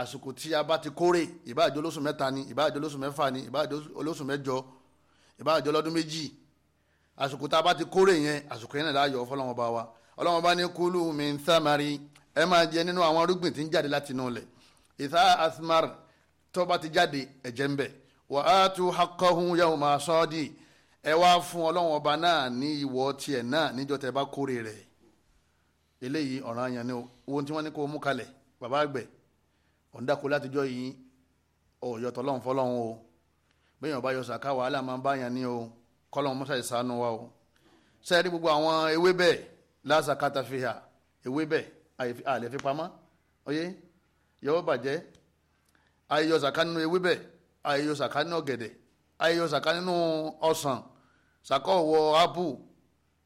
àsìkò tí a bá ti kórè ìbáàjọ olóṣù mẹ́ta ni ìbáàjọ olóṣù mẹ́fà ni ìbáàjọ olóṣù mẹ́jọ ìbáàjọ ọlọ́dún méjì àsìkò tá a bá ti kórè yẹn àsìkò yẹn náà láàyò fọlọ́wọn bá wa ọlọ́wọ́n bá ní kúlù min thamari ẹ máa jẹ nínú àwọn irúgbìn tí ń jáde látinú ilẹ̀ ìta asmar tó bá ti jáde ẹ̀jẹ̀ ń bẹ̀ wà á tu haqqahu yawma sadi ẹ wá fún ọlọ́wọ́n ọba náà ní ìwọ tiẹ̀ náà níjọ́ tẹ bá kórè rẹ̀ eléyìí ọ̀ràn àyàn ni ohun tí wọ́n ní kó mú kalẹ̀ bàbá àgbẹ̀ ọ̀ndàkó látijọ́ yìí ọ̀yọ́ tọ́lọ́hún fọlọ́hún o bẹ́ẹ̀ yọ̀ọ́ bá yọ sàká wàhálà máa ń bá yàn ní o kọ́lọ́hún mọ́sá ìsánú wa o sẹ́ẹ̀rí gbogbo àwọn ewé bẹ́ẹ̀ lásàkátà fi hà ewé bẹ́ẹ̀ àlẹ́ fi pamọ́ yọ̀ọ́ bàjẹ́ ayẹyọ sàká nínú ewébẹ̀ ayẹyọ sàká nínú ọ̀gẹ̀dẹ̀ ayẹyọ sàká nínú ọsàn sàká ọwọ apu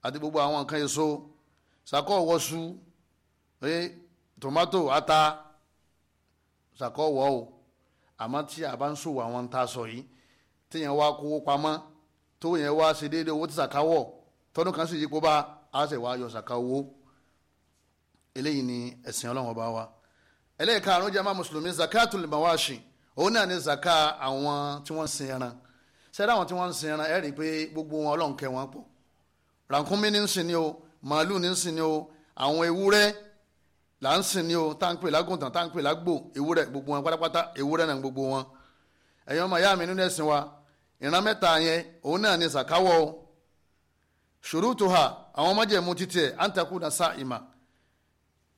àti gbogbo àwọn nǹkan èso sàká ọwọ su ẹ tomato ata sàká ọwọ o àmọ́ tí a bá ń sòwò àwọn ń ta sọ yìí téèyàn wá kówó pamọ́ tó yẹn wá ṣe déédéé owó tí sàká wọ tọdún kan sì yípo bá a ṣe wá yọ sàká owó eléyìí ni ẹ̀sìn ọlọ́run ọba wa ẹlẹ́ẹ̀karùn jẹ́ máa mùsùlùmí zakatul mawashi òun náà ni zaka àwọn tí wọ́n ń sin ẹran sẹ́dá àwọn tí wọ́n ń sin ẹran ẹ̀rí pé gbogbo wọn ọlọ́run kẹ́ wọn pọ̀ ràkúnmí ní ń sin ni o màálù ní ń sin ni o àwọn ewúrẹ́ là ń sin ni o táǹpẹ̀ lágùntàn táǹpẹ̀ lágbò ewúrẹ́ gbogbo wọn pátápátá ewúrẹ́ náà gbogbo wọn ẹ̀yin ọmọ ìyá mi nínú ẹ̀sìn wa ìran mẹ́ta yẹn òun náà ni zakawọ́ ṣòrútù ha àwọn májẹ̀mú títí ẹ̀ àǹtakùn náà sá ìmà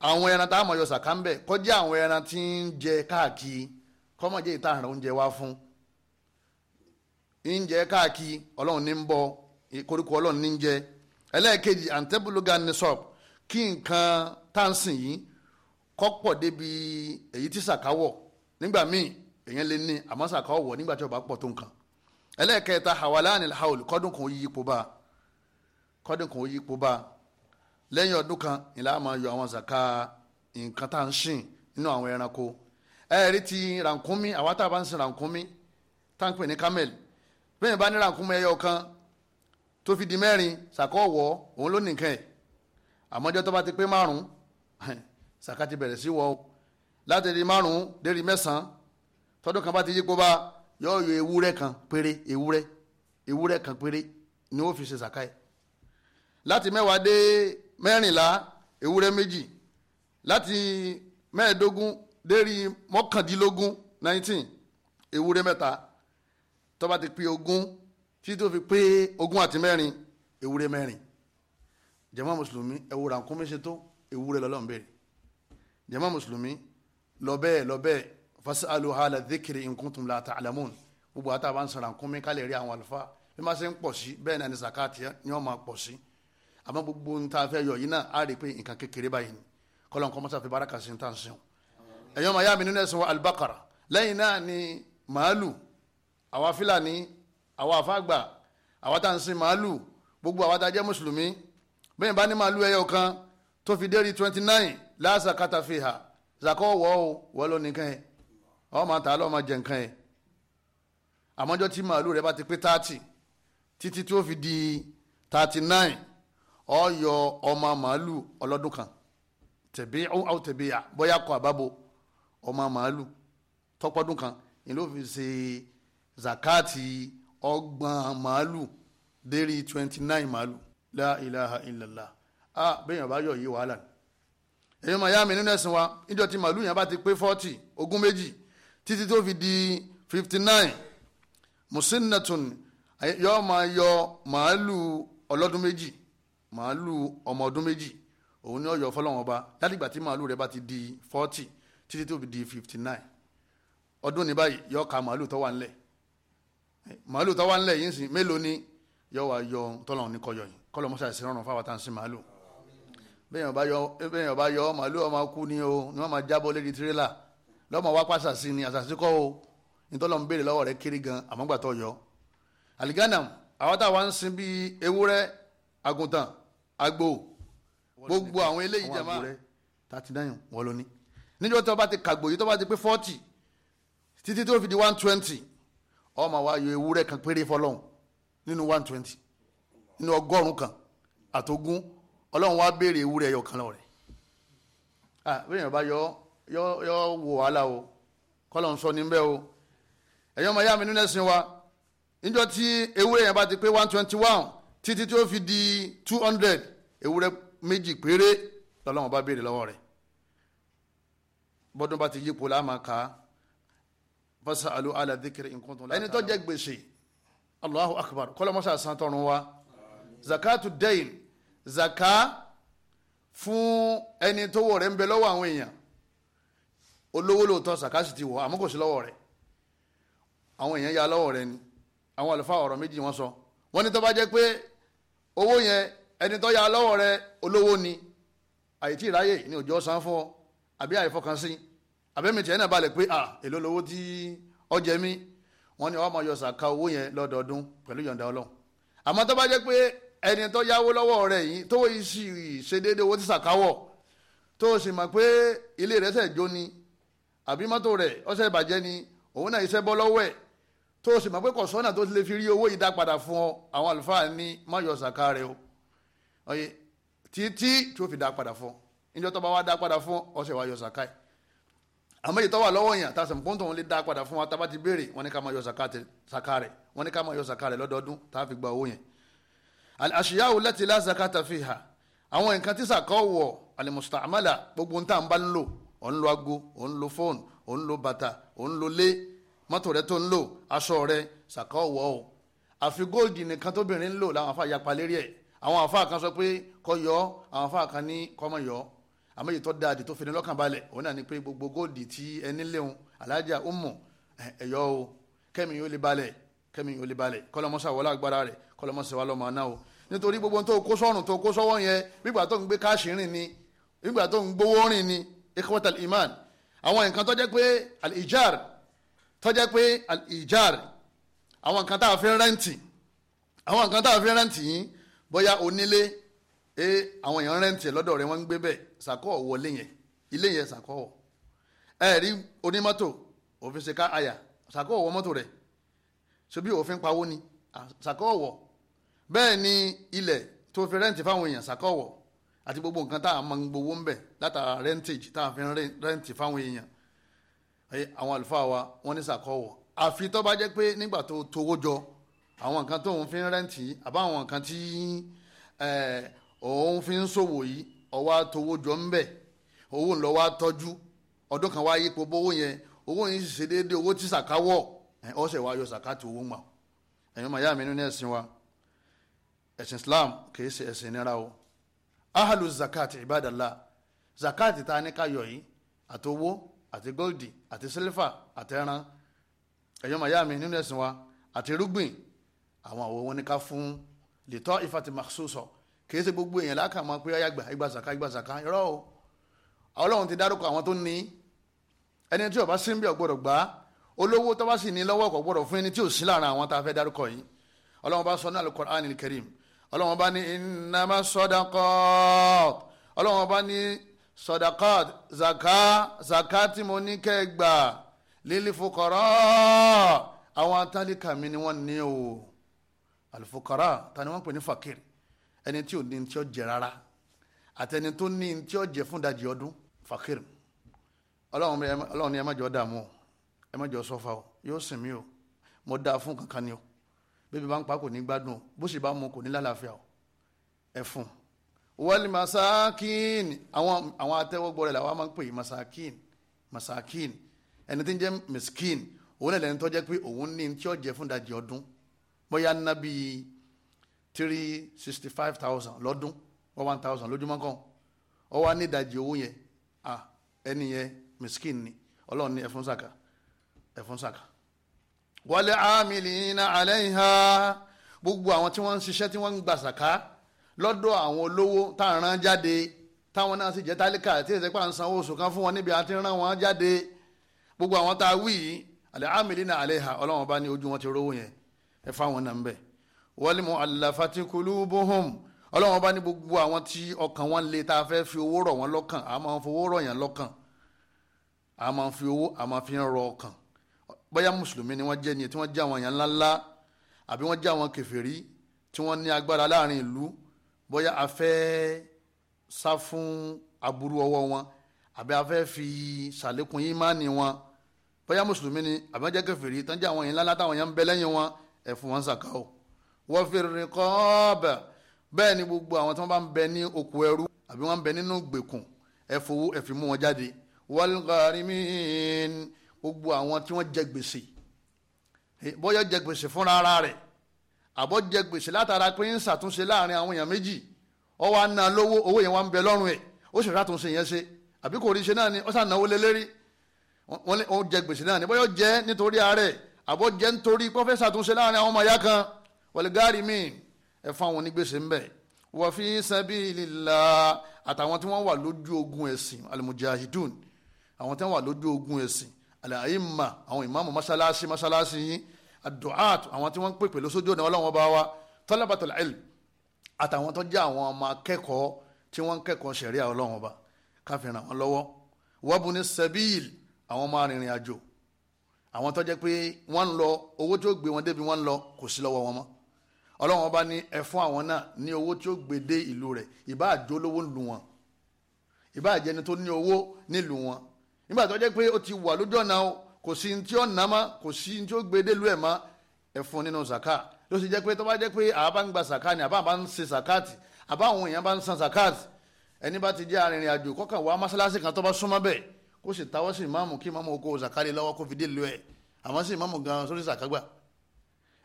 àwọn ẹran tá a mọ̀ yọ sàkà ń bẹ̀ kọjá àwọn ẹran tí ń jẹ káàkiri kọ́mọ̀jẹ́ oúnjẹ wá fún ń jẹ káàkiri ọlọ́run ní ń bọ koríko ọlọ́run ní ń jẹ ẹlẹ́ẹ̀kejì àǹtẹ́bùlógà kí nǹkan táǹsì yìí kọ́pọ̀ débi èyí tí sàkà wọ̀ nígbà míì èyàn ọba tó nǹkan haul kan ó yí ipò bá kan lẹ́yìn ọdún kan ìlà máa yọ àwọn zaka nǹkan tá à ń sìn nínú àwọn ẹranko ẹ̀rí ti rànkúnmí àwa tá a bá ń sin rànkúnmí tá à ń pè ní camel bẹ́ẹ̀ bá ní rànkúnmí ẹyọ kan tó fi di mẹ́rin sàkọ́wọ́ òun ló nìkan ẹ̀ àmọ́jọ́ tó bá ti pé márùn-ún sàkà ti bẹ̀rẹ̀ sí wọ láti di márùn-ún dérí mẹ́sàn-án tọdún kan bá ti yípo bá yóò yọ ewúrẹ́ kan péré ewúrẹ́ ewúrẹ́ kan péré ni ó fi ṣe sàkà ẹ̀ láti mẹ́wàá dé. De mẹ́rìnlá ewúrẹ́ méjì láti mẹ́ẹ̀ẹ́dógún dérí mọ́kàndínlógún nineteen ewúrẹ́ mẹ́ta tó bá ti pé ogún títí tó fi pé ogún àti mẹ́rin ewúrẹ́ mẹ́rin jàmá mùsùlùmí ẹwúrẹ́ àǹkómi ṣe tó ewúrẹ́ lọ́lọ́run bẹ̀rẹ̀ jàmá mùsùlùmí lọ́bẹ̀ lọ́bẹ̀ fasalu hala dhikri in kuntum la ta'lamun gbogbo àtàwọn sọ̀rọ̀ àǹkómi kálẹ̀ rí àwọn àlùfáà bí wọ́n ṣe ń pọ̀ sí bẹ́ẹ̀ náà ni zakati ni wọ́n máa pọ̀ sí àmọ́ gbogbo ń ta fẹ́ yọ yìí náà á rí pé nǹkan kékeré báyìí ni kọ́lọ́n kọ́ mọ́sáfẹ́ baraka sí ta ń sìn ẹ̀yọ́ màá yá mi nínú ẹ̀sìn wa albakara lẹ́yìn náà ni màálù àwa fúlàní àwa àfáàgbà àwa tá à ń sin màálù gbogbo àwa tá a jẹ́ mùsùlùmí bẹ́ẹ̀ bá ní màálù ẹyọ kan tó fi dérí twenty nine láàṣà kàtàfihà zakọ́ wọ́ ọ wọ́ ló nìkan yẹn ọ máa tà á lọ́ọ́ máa jẹ nǹkan yẹn àmọ́jọ́ tí màálù rẹ bá ti pé thirty títí tí fi di thirty nine ọyọ ọmọ màálù ọlọ́dún kan tẹ̀bí ọ̀ tẹ̀bí à bóyá kọ àbábo ọmọ màálù tọpọdún kan ni ló fi ṣe zakati ọgbọ̀n màálù dérí twenty nine màálù la ilaha illallah ah bẹ́ẹ̀ yẹn bá yọ̀ yí wàhálà ni èyí màá yá mi nínú ẹ̀sìn wa níjọ tí màálù yẹn bá ti pé forty ogún méjì títí tó fi di fifty nine musinnatun yọ máa yọ màálù ọlọ́dún méjì màálù ọmọ ọdún méjì òun ni ọyọ fọlọ́wọn ọba látìgbà tí màálù rẹ bá ti di forty títí tó fi di fifty nine ọdún ní báyìí yọ ka màálù tó wà ńlẹ̀ màálù tó wà ńlẹ̀ yìí sìn mélòó ni yọ wá yọ tọ́lọ́wọn ní kọyọ yìí kọ́lọ́ mọ́ṣáà sí rọrùn fáwọn àtàǹsí màálù bẹ́ẹ̀ ọba yọ màálù ọmọ kú ni o ni wọ́n máa jábọ́ lẹ́ni tirẹ́là lọ́mọ wá pàṣà sí ni àṣàṣì kọ́ o nítọ́lọ́ ń béèrè lọ́wọ́ rẹ kéré gan àmọ́gbàtọ́ yọ àlìgánà àwọn táwa ń sin bíi ewúrẹ́ àgùntàn agbo gbogbo àwọn eléyìí jẹ́ máa thirty nine wọ́n ló ní níjọ́ tó bá ti kàgbò yìí tó bá ti pé forty títí tó fi di one twenty ọmọ wa yọ ewúrẹ́ kan péré fọlọ́hún nínú one twenty nínú ọgọ́rùn kan àtogún ọlọ́run wa béèrè ewúrẹ́ ẹyọ kan lọ rẹ̀ ah bí èèyàn bá yọ yọ yọ wò wàhálà o kọ́lọ̀ ń sọ o ẹ̀yọ́ ọmọ ìyá mi nínú ẹ̀sìn wa níjọ́ tí ewúrẹ́ yẹn bá ti pé one twenty one títí tí ó fi di two hundred ewúrẹ́ méjì péré lọ́lọ́wọ́n bá béèrè lọ́wọ́ rẹ̀ bọ́dún bá ti yípo láàmà ká fasa alu ala dhikri in kuntum ẹni tó gbèsè allahu akbar kọ́lọ́mọ́sá san tọrùn wa zakatu dain zaka fún ẹni tó wọ̀ rẹ̀ ń bẹ lọ́wọ́ àwọn èèyàn olówó lóòótọ́ zaka sì ti wọ̀ àmọ́ kò sí lọ́wọ́ rẹ̀ àwọn èèyàn ya lọ́wọ́ rẹ̀ ni àwọn àlùfáà ọ̀rọ̀ méjì wọ́n sọ wọ́n ní tó bá jẹ́ pé owó yẹn ẹni tó yá lọ́wọ́ rẹ olówó ni àyètí ìráyè ní òjò san fún ọ àbí àìfọkànsí àbẹ́mi tiẹ̀ náà balẹ̀ pé à èló lowó tí ọjẹ́ mi wọ́n ní wọ́n máa yọ sàká owó yẹn lọ́dọọdún pẹ̀lú yọ̀ǹda ọlọ́run àmọ́ tó bá jẹ́ pé ẹni tó yáwó lọ́wọ́ rẹ yìí tó yìí sì ṣe déédéé owó tí sàká wọ̀ tó o sì mọ̀ pé ilé rẹ̀ sẹ̀ jó àbí mọ́tò rẹ̀ ọ̀ṣẹ̀ ìbàjẹ́ ni òun náà iṣẹ́ bọ́ lọ́wọ́ ẹ̀ tó o sì mọ̀ pé kò sọ́nà tó ti lè fi rí owó yìí dá padà fún ọ àwọn àlùfáà ní má yọ sàká rẹ o ọyẹ títí tí ó fi dá padà fún níjọ́ tó bá wá dá padà fún ọ sì wá yọ sàká àmọ́ èyí tó wà lọ́wọ́ yẹn àtàsán pọ́ńtò wọn lè dá padà fún wa tá a bá ti béèrè wọn ní ká máa yọ sàká rẹ wọn ní ká máa yọ sàká rẹ lọ́dọọdún tá a fi gba owó yẹn àṣìyáwó lẹ́tì lásàká tàfi hà àwọn mọ́tò rẹ tó ń lò aṣọ rẹ ṣàkà ọ̀wọ́ o àfi góòdì nìkan tóbìnrin ń lò làwọn afa yapa lérí ẹ̀ àwọn afa kan sọ pé kó yọ àwọn afa kan ní kọ́mọ yọ àmọ́ èyí tó da àdì tó fi ní lọ́kàn balẹ̀ òun náà ni pé gbogbo góòdì tí ẹni léun alájà ó mọ̀ ẹ̀yọ́ o kẹ́mi yóò lè balẹ̀ kẹ́mi yóò lè balẹ̀ kọ́lọ́mọ́sá wọlé agbára rẹ̀ kọ́lọ́mọ́sá wà lọ́mọ náà o nítorí gbogbo tó kó sọ́run tó kó sọ́wọ́ yẹn gbígbà tó ń gbé káàṣì rìn ni gbígbà tó ń gbowó rìn ni ikhwatal iman àwọn nǹkan tó jẹ́ pé al ijar tọ́jẹ́ pé ìjáàr àwọn nǹkan tá a fi rẹ́ǹtì àwọn nǹkan tá a fi rẹ́ǹtì yín bóyá onílé ẹ àwọn èèyàn rẹ́ǹtì ẹ lọ́dọ̀ rẹ wọ́n ń gbé bẹ́ẹ̀ sàkọ́ wọlé yẹn ilé yẹn sàkọ́ wọ̀ ẹ rí onímọ́tò òfin ṣe ká àyà sàkọ́ wọ mọ́tò rẹ̀ ṣebí òfin pawó ni sàkọ́ wọ̀ bẹ́ẹ̀ ni ilẹ̀ tó fi rẹ́ǹtì fáwọn èèyàn sàkọ́ wọ̀ àti gbogbo nǹkan tá a máa gbowó ń bẹ̀ látara rẹ́ǹtì tá a fi rẹ́ǹtì fáwọn èèyàn àwọn àlùfáà wa wọ́n ní sàkọ́wọ̀ àfi tó bá jẹ́ pé nígbà tó towó jọ àwọn nǹkan tó ń fi rẹ́ǹtì àbá àwọn nǹkan tí òun fi ń ṣòwò yìí ọwọ́ àtowó jọ ń bẹ̀ owó ńlọ wá tọ́jú ọdún kan wá yípo bówó yẹn owó yìí ṣe déédéé owó tí sàkáwọ̀ ọ̀sẹ̀ wa yọ sàkáàtì owó mà ẹ̀yin màyá mi nínú ẹ̀sìn wa ẹ̀sìn Islam kìí ṣe ẹ̀sìn nira o ahalu zakat ibadallah zakat ta ni ká yọ yìí àtowó àti góòdì àti sílífà àti ẹran ẹ̀yọ́ màyá mi nínú ẹ̀sìn wa àti irúgbìn àwọn àwo wọn ni ká fún lìtọ́ ìfàtí màṣúsọ kìí ṣe gbogbo èèyàn lákà máa pé ayágbà ìgbàsàká ìgbàsàká irọ́ o ọlọ́run ti dárúkọ àwọn tó ní ẹni tí ó bá sí ń bí ó gbọ́dọ̀ gbà olówó tó bá sì ní lọ́wọ́ kò gbọ́dọ̀ fún ẹni tí ò sí lára àwọn tá a fẹ́ dárúkọ yìí ọlọ́run bá sọ ní Al-Qur'anil Karim ọlọ́run bá ní innamas ọlọ́run bá ní sadakat zaka zaka tí mo ní kẹ́ ẹ fukara àwọn tálíkà mi ni wọ́n ní o alifukara ta ni wọ́n pè ní fakiri ẹni tí ò ní tí ó jẹ rárá àtẹni tó ní tí ó fún dajì ọdún fakiri ọlọ́run ni ẹ má jọ dààmú o ẹ má jọ sọ́fà o yóò sìn mí o mo dáa fún kankan ni o bébí bá ń pa kò ní gbádùn o bó sì bá mu kò ní lálàáfíà o ẹ fún un wọ́lì masakin àwọn àwọn atẹ́wọ́gbọ́ rẹ̀ làwọn máa ń pè é masakin masakin ẹni tí ń jẹ́ miskin òun náà lẹ́ni tó jẹ́ pé òun ní tí ó jẹ́ fún ìdajì ọdún bóyá ná bíi three sixty five thousand lọ́dún or one thousand lójúmọ́ kan ó wá ní ìdajì owó yẹn ah ẹni yẹn miskin ni ọlọ́run ní ẹ̀fún sàkà ẹ̀fún sàkà. wal amilina alayha gbogbo àwọn tí wọ́n ń ṣiṣẹ́ tí wọ́n ń gbà sàkà lọ́dọ̀ àwọn olówó tá à ń rán jáde táwọn náà sì jẹ́ tálíkà tí èsì pa ń sanwó oṣù kan fún wọn níbi àti rán wọn jáde gbogbo àwọn tá a wí yìí àlẹ́ àmìlí náà àlẹ́ ha ọlọ́wọ́n bá ní ojú wọn ti rówó yẹn ẹ fáwọn náà ń bẹ̀ wal mu'allafati qulubuhum ọlọ́wọ́n bá ní gbogbo àwọn tí ọkàn wọn le tá fẹ́ fi owó rọ̀ wọn lọ́kàn a máa fi owó rọ̀ yẹn lọ́kàn a máa fi owó a máa fi ń rọ ọkàn bóyá mùsùlùmí ni wọ́n jẹ́ ni tí wọ́n jẹ́ àwọn èèyàn ńláńlá àbí wọ́n jẹ́ àwọn kèfèrí tí wọ́n ní agbára láàrin ìlú bóyá a fẹ́ sá fún aburú ọwọ́ wọn àbí a fẹ́ fi ṣàlékún ìmánì wọn bóyá mùsùlùmí ni àbájá kèfèrí tán jẹ́ àwọn yẹn ńláńlá táwọn yẹn ń bẹ lẹ́yìn wọn ẹ fún wọn sàkà o wa fi riqab bẹ́ẹ̀ ni gbogbo àwọn tí wọ́n bá ń bẹ ní oko ẹrú àbí wọ́n ń bẹ nínú gbèkùn ẹ fowó wọn jáde wal gharimin àwọn tí wọ́n jẹ gbèsè àbọ̀ jẹ gbèsè látara pé ń ṣàtúnṣe láàrin àwọn èèyàn méjì ó wá ń ná lówó owó yẹn wá ń bẹ lọ́rùn ẹ̀ ó sì ṣàtúnṣe yẹn ṣe àbí kò rí ṣe náà ni ó ṣànáwó lélẹ́rí wọ́n ó jẹ gbèsè náà ni bóyá ó jẹ nítorí àárẹ̀ àbọ̀ jẹ nítorí pé ó fẹ́ ṣàtúnṣe láàrin àwọn ọmọ ìyá kan wọ̀lẹ́gárì míì ẹ̀ fún àwọn onígbèsè ńbẹ̀ wọ́n fi sabilillah àtàwọn tí wọ́n wà tí wọ́n wà lójú ogun ẹ̀sìn adu'at àwọn tí wọ́n ń pèpè lóṣojú ọ̀nà ọlọ́wọ́n bá wa talabatul ilm àtàwọn tó jẹ́ àwọn ọmọ akẹ́kọ̀ọ́ tí wọ́n ń kẹ́kọ̀ọ́ ṣẹ̀ríà ọlọ́wọ́n bá káfíń ràn wọ́n lọ́wọ́ wabuni sabil àwọn ọmọ arìnrìn àjò àwọn tó jẹ́ pé wọ́n ń lọ owó tí ó gbé wọn débi wọ́n ń lọ kò sí lọ́wọ́ wọn mọ́ ọlọ́wọ́n bá ní ẹ fún àwọn náà ní owó tí gbé dé ìlú rẹ̀ ìbá àjò olówó ń lu wọn ìbá àjẹni tó ní owó nílùú wọn nígbà tó jẹ́ pé ó ti wà lójú ọ̀nà o kò sí ní tí ó nà má kò sí ní tí ó gbé délùú ẹ̀ má ẹ nínú zaka ló sì jẹ́ pé tó bá jẹ́ pé àbá ń gba zaka ni àbá bá ń ṣe zakati àbá àwọn èèyàn bá ń san zakati ẹni bá ti jẹ́ arìnrìn àjò kọ́kàn wá mọ́sálásí kan tó bá súnmọ́ bẹ́ẹ̀ kó sì tawọ́ sí ìmáàmù kí ìmáàmù oko zakari lọ́wọ́ kó fi délùú ẹ̀ àmọ́ sí ìmáàmù gan sórí zakagbà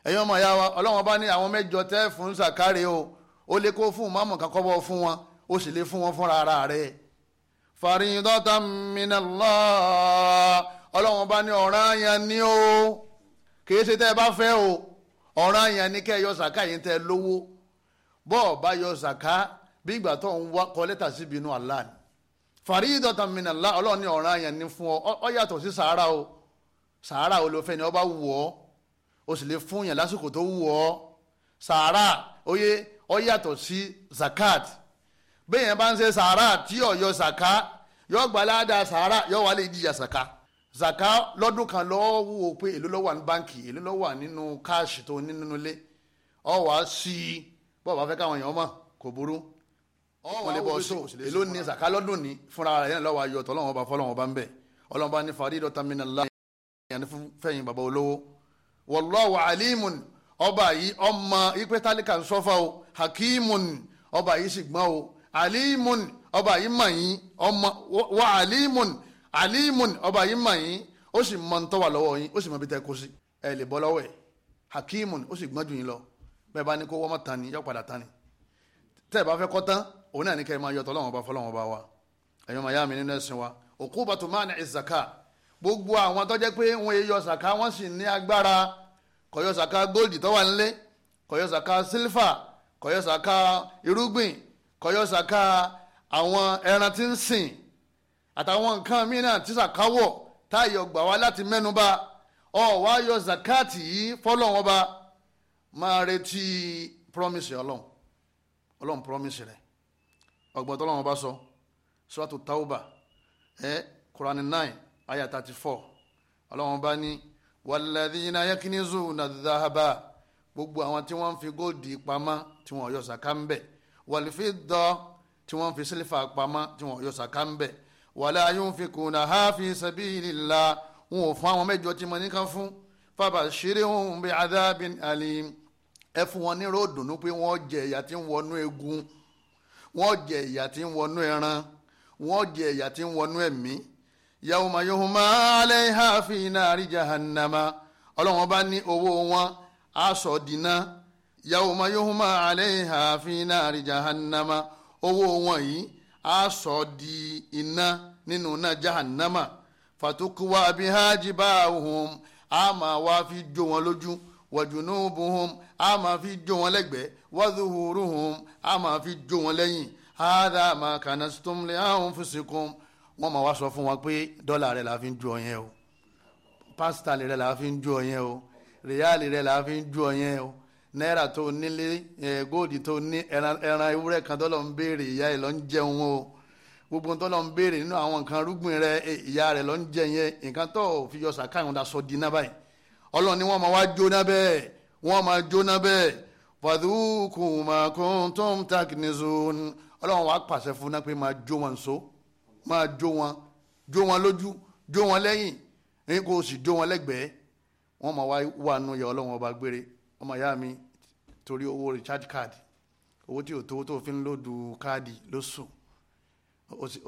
ẹ̀yin ọmọ ìyá wa ọlọ́wọ́n bá ní àwọn mẹ́jọ tẹ́ fún zakari o ó lè kó fún ìmáàmù kan kọ́bọ̀ fún wọn ó sì lè fún wọn fúnra ara rẹ̀ faridatan minallah ọlọ́run bá ní ọ̀ràn yẹn ni o kì í ṣe tẹ́ ẹ bá fẹ́ o ọ̀ràn yẹn ni kẹ́ ẹ yọ sàká yẹn tẹ́ ẹ lówó bọ́ọ̀ bá yọ sàká bí ìgbà tó ń wá kọ lẹ́tà síbi inú Allah ni faridatan min Allah ọlọ́run ní ọ̀ràn yẹn ni fún ọ ọ yàtọ̀ sí sàárà o sàárà o ló fẹ́ ni ọ bá wù ọ́ o sì lè fún yẹn lásìkò tó wù ọ́ sàárà oyè ọ yàtọ̀ sí zakat bẹ́ẹ̀ yẹn bá ń ṣe sàárà tí ó yọ sàká yọ gbalada sàárà yọ wà lè jìyà sàká zaka lọ́dún kan lọ́wọ́ wò ó pé èló ló wà ní báǹkì èló ló wà nínú káàṣì tó ní nínú ilé ọ wàá sí i bọ́ọ̀ bá fẹ́ káwọn èèyàn mọ̀ kò burú wọ́n lè bọ́ so èló ní zaka lọ́dún ní fúnra rẹ̀ yẹn lọ́wọ́ ayọ̀ tọ́lọ́wọ́n ọba fọlọ́wọ́n ọba ń bẹ̀ ọlọ́run bá ní faridatan minallahi yẹn fún fẹ́yìn bàbá olówó wallahu alimun ọba yìí ọmọ ipe tálíkà ń o hakimun ọba yìí alimun ọba yìí mọ̀ yín ọmọ alimun alimun ọba yìí mọ̀ yín ó sì mọ ń tọ́wà lọ́wọ́ yín ó sì mọ bí tẹ́ kó sí ẹ lè bọ́ lọ́wọ́ ẹ̀ hakimun ó sì gbọ́n jù yín lọ bẹ́ẹ̀ bá ní kó wọ́mọ̀ tán ni yọ padà tán ni tẹ́ ẹ bá fẹ́ kọ́ tán òun náà ní kẹ́ ẹ máa yọ tọ́lọ́wọ́n ọba fọlọ́wọ́n ọba wa ẹ̀yin ọmọ ìyá mi nínú ẹ̀sìn wa uqubatu mani ìsàkà gbogbo àwọn tó jẹ́ pé wọ́n yọ sàkà wọ́n sì ní agbára kò yọ sàkà góòlì tó wà nílé kò yọ sàkà sílfà kò sàkà irúgbìn kò sàkà àwọn ẹran tí ń sìn àtàwọn nǹkan mìíràn tí sàkáwọ̀ táyọ̀ gbà wá láti mẹ́nuba ọ̀ wá yọ zakati yìí fọlọ́run ọba máa retí promise ọlọ́run ọlọ́run promise rẹ̀ ọgbọ́n tọ́lọ́run ọba sọ suratu tauba ẹ Quran nine ayah thirty four ọlọ́run ọba ní walladhina yaknizuna dhahaba gbogbo àwọn tí wọ́n ń fi góòdì pamọ́ tí wọ́n yọ sàkà ń bẹ̀ wal fidda tí wọ́n fi sílífà pamọ́ tí wọ́n yọ sàkà wala yunfikunaha fi sabilillah wọn ò fún àwọn mẹ́jọ tí mo ní kan fún fabashirhum bi adhabin alim ẹ fún wọn ní ròdùnú pé wọ́n jẹ ìyà tí ń wọnú egun wọ́n jẹ ìyà tí ń wọnú ẹran wọ́n jẹ ìyà tí ń wọnú ẹ̀mí yawma yuhma alayha fi nari jahannama ọlọ́wọ́n bá ní owó wọn aṣọ dínà yawma yuhma alayha fi nari jahannama owó wọn yìí a sọ di iná nínú iná jahannama fatukuwa abihaji baahum a máa wá fi jó wọn lójú wajunubuhum a máa fi jó wọn lẹ́gbẹ̀ẹ́ wazuhuruhum a máa fi jó wọn lẹ́yìn hada ma kanastum li anfusikum wọ́n máa wá sọ fún wọn pé dọ́là rẹ̀ la fi ń jó ọyẹn o pásítà rẹ̀ la fi ń jó ọyẹn o rìyáàlì rẹ̀ la fi ń jó ọyẹn o náírà tó nílé góòdì tó ní ẹran ewúrẹ́ kan tó lọ ń béèrè ìyá ẹ̀ lọ ń jẹun o gbogbo tó lọ ń béèrè nínú àwọn nǹkan rúgbìn rẹ ìyá rẹ lọ ń jẹ yẹn nǹkan tó fi yọ sàká ìwọn daṣọ di náà báyìí ọlọ́run ni wọ́n máa wá jóná bẹ́ẹ̀ wọ́n máa jóná bẹ́ẹ̀ fàdúkù màkún tó ń ta kìnìún ọlọ́run wàá pàṣẹ fún náà pé máa jó wọn so máa jó wọn jó wọn lójú jó wọn lẹ́yìn kó o sì jó wọn lẹ́gbẹ̀ẹ́ wọ́n máa wá wà nù yẹ ọlọ́run ọba gbére ọmọ ìyá mi torí owó recharge card owó tí o tó tó fi ń lòdù káàdì lóṣù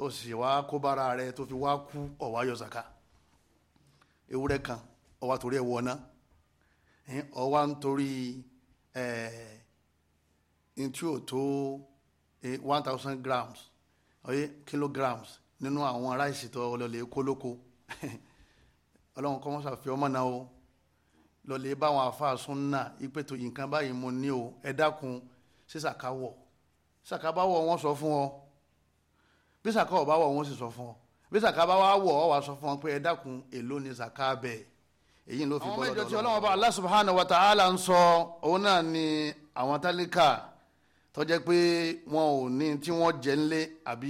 o sì wá kó bára rẹ tó fi wá kú ọ̀wá yọ ewúrẹ́ kan ọwá torí ẹ wọná ọwá ń torí ẹ̀ẹ́n eh, tí o tó eh, one thousand grams oye kilograms nínú àwọn ráìsì tó ọlọlẹ kólókó Ọlọ́run kọ́ mọ́sàfẹ́ ọmọ náà o lọ́lẹ̀ báwọn afa sunna ipe tó nǹkan báyìí mo ní o ẹ dákun ṣé sàká wọ̀ sàká bá wọ̀ wọ́n sọ fún ọ bí sàká ò bá wọ̀ wọ́n sì sọ fún ọ bí sàká bá wà wọ̀ ọ wà sọ fún ọ pé ẹ dákun èló ni sàká bẹ́ẹ̀ èyí ló fi bọ́ lọ́dọ̀ ọlọ́run. àwọn mẹ́jọ tí ọlọ́run bá Allah subhanahu wa ta'ala ń sọ òun náà ni àwọn tálíkà tó pé wọn ò ní tí wọ́n jẹ ńlé àbí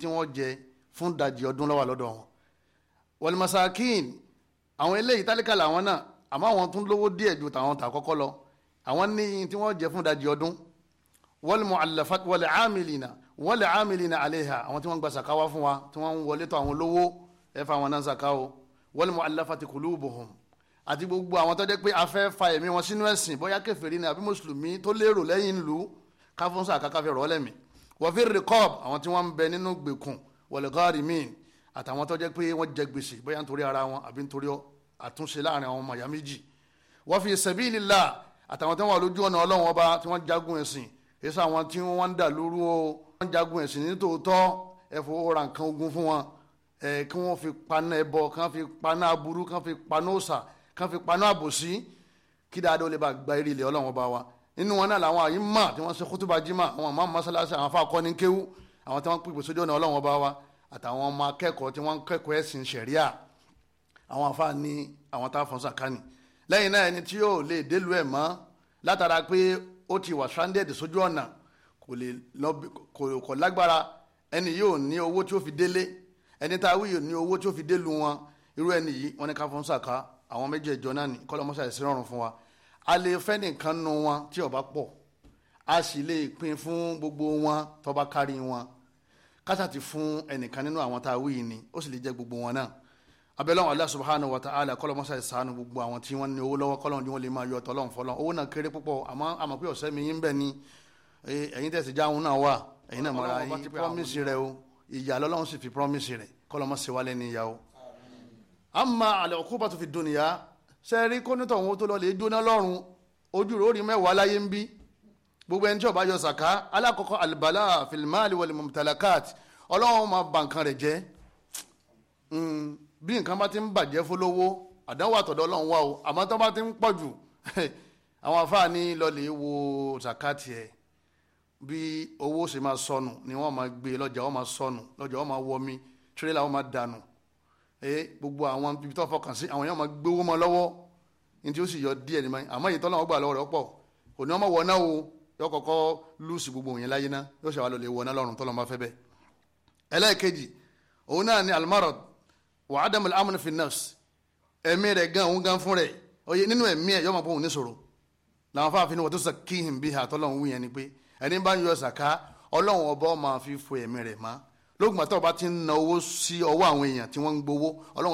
tí wọ́n jẹ fún dajì ọdún ló lọ́dọ̀ wọn. wal masakin àwọn eléyìí tálíkà làwọn náà àmọ́ àwọn tún lówó díẹ̀ ju tàwọn tà kọ́kọ́ lọ àwọn ní tí wọ́n jẹ fún dajì ọdún wal mu'allafat wal 'amilina wal 'amilina 'alayha àwọn tí wọ́n gba sàkáwá fún wa tí wọ́n ń wọlé tọ̀ àwọn lówó ẹ fa àwọn náà sàkáwó wal mu'allafati qulubuhum àti gbogbo àwọn tó jẹ́ pé a fẹ́ fa ẹ̀mí wọn sínú ẹ̀sìn bóyá kèfèrí ni àbí mùsùlùmí tó lérò lẹ́yìn ìlú káfọ́nsá kákáfẹ́ rọ́ lẹ́mí wa fi riqab àwọn tí wọ́n bẹ nínú gbèkùn wal gharimin àtàwọn tó pé wọ́n jẹ gbèsè bóyá nítorí ara wọn àbí nítorí àtúnṣe láàrin àwọn ọmọ ìyá méjì wọ́n fi sabilillah àtàwọn tí wọ́n wà lójú ọ̀nà ọlọ́run ọba tí wọ́n jagun ẹ̀sìn èso àwọn tí wọ́n ń dà lóru o wọ́n jagun ẹ̀sìn nítòótọ́ ẹ̀fọ́ ọ̀rà nǹkan ogun fún wọn ẹ̀ kí wọ́n fi paná ẹbọ kán fi paná aburú kán fi paná òòsà kán fi paná àbòsí kí dáadáa lè bá gba eré ilẹ̀ ọlọ́run ọba wa nínú wọn náà làwọn àyín mà tí wọ́n ṣe kútùbà jímà àwọn àmọ́ mọ́sálásí àwọn afáàkọ́ ní kéwú àwọn tí wọ́n pèpè sójú ọ̀nà ọlọ́run ọba wa àtàwọn ọmọ akẹ́kọ̀ọ́ tí wọ́n kẹ́kọ̀ọ́ ẹ̀sìn ṣẹ̀ríà àwọn àfáà ní àwọn tá a fọ́n sàkánì lẹ́yìn náà ẹni tí yóò lè délu ẹ̀ mọ́ látara pé ó ti wà stranded sójú ọ̀nà kò lè lọ kò lágbára ẹni yóò ní owó tí ó fi délé ẹni tá a wí yóò ní owó tí ó fi délu wọn irú ẹni yìí wọn ní ká fọ́n sàká àwọn méjèèjọ náà ní kọ́lọ́mọ́sá ẹ̀sìn rọrùn fún wa a lè fẹ́ nìkan nu wọn tí ó bá pọ̀ a sì lè pín fún gbogbo wọn tó bá kárí wọn kásà ti fún ẹnìkan nínú àwọn tá a wí yìí ni ó sì lè jẹ́ gbogbo wọn náà abẹ́lẹ́ wọn Allah subhanahu wa ta'ala kọ́lọ́ mọ́sá ìsànù gbogbo àwọn tí wọ́n ní owó lọ́wọ́ kọ́lọ́ ni wọ́n lè máa yọ ọ̀tọ̀ lọ́hùn fọlọ́n owó náà kéré púpọ̀ àmọ́ àmọ́ pé ọ̀sẹ́ mi yín bẹ̀ ni ẹ̀yin tẹ̀sí jáwọn náà wà ẹ̀yin náà mọ̀ra yín promise rẹ o ìyá lọ́lọ́run sì fi promise rẹ kọ́lọ́ mọ́sá wa lẹ́ni ìyá o. amma al-uqubatu fi dunya sẹ́ẹ̀rí kónítọ̀ òun tó lọ lè jóná lọ́rùn ojú rò rí mẹ́wàá láyé ń bí gbogbo ẹni tí bí nǹkan bá ti ń bàjẹ́ fólówó àdánwò àtọ̀dọ̀ ọlọ́run wá o àmọ́ tó bá ti ń pọ̀ jù àwọn afáà ní lọ́ọ̀lì wo zakati ẹ̀ bí owó ṣe máa sọnù ni wọ́n máa gbé lọ́jà wọ́n máa sọnù lọ́jà wọ́n máa wọmi tírélà wọ́n máa dànù gbogbo àwọn ibi tó fọkàn sí àwọn yẹn máa gbé owó mọ́ lọ́wọ́ ní tí ó sì yọ díẹ̀ ní báyìí àmọ́ èyí tọ́lá wọn gbà lọ́wọ́ rẹ̀ pọ̀ kò ní wọ́n máa wọná o yọ kọ́kọ́ lùsì gbogbo òyìn láyé ná yóò ṣàwálò lè wọná lọ́rùn tọ́lọ́ ni almarad wà adamu dàmú amúnú fi gan òun gan fún rẹ̀ oye nínú ẹ̀mí ẹ̀ yọmọ pọ̀ òun níṣòro làwọn fáfin ni tó sọ ha atọ wù yẹn ni pé ẹni bá ń yọ ṣàká ọba fi fo ẹ̀mí ma mọ́ lóògùn ti ń na owó sí ọwọ́ àwọn èèyàn tí ń gbowó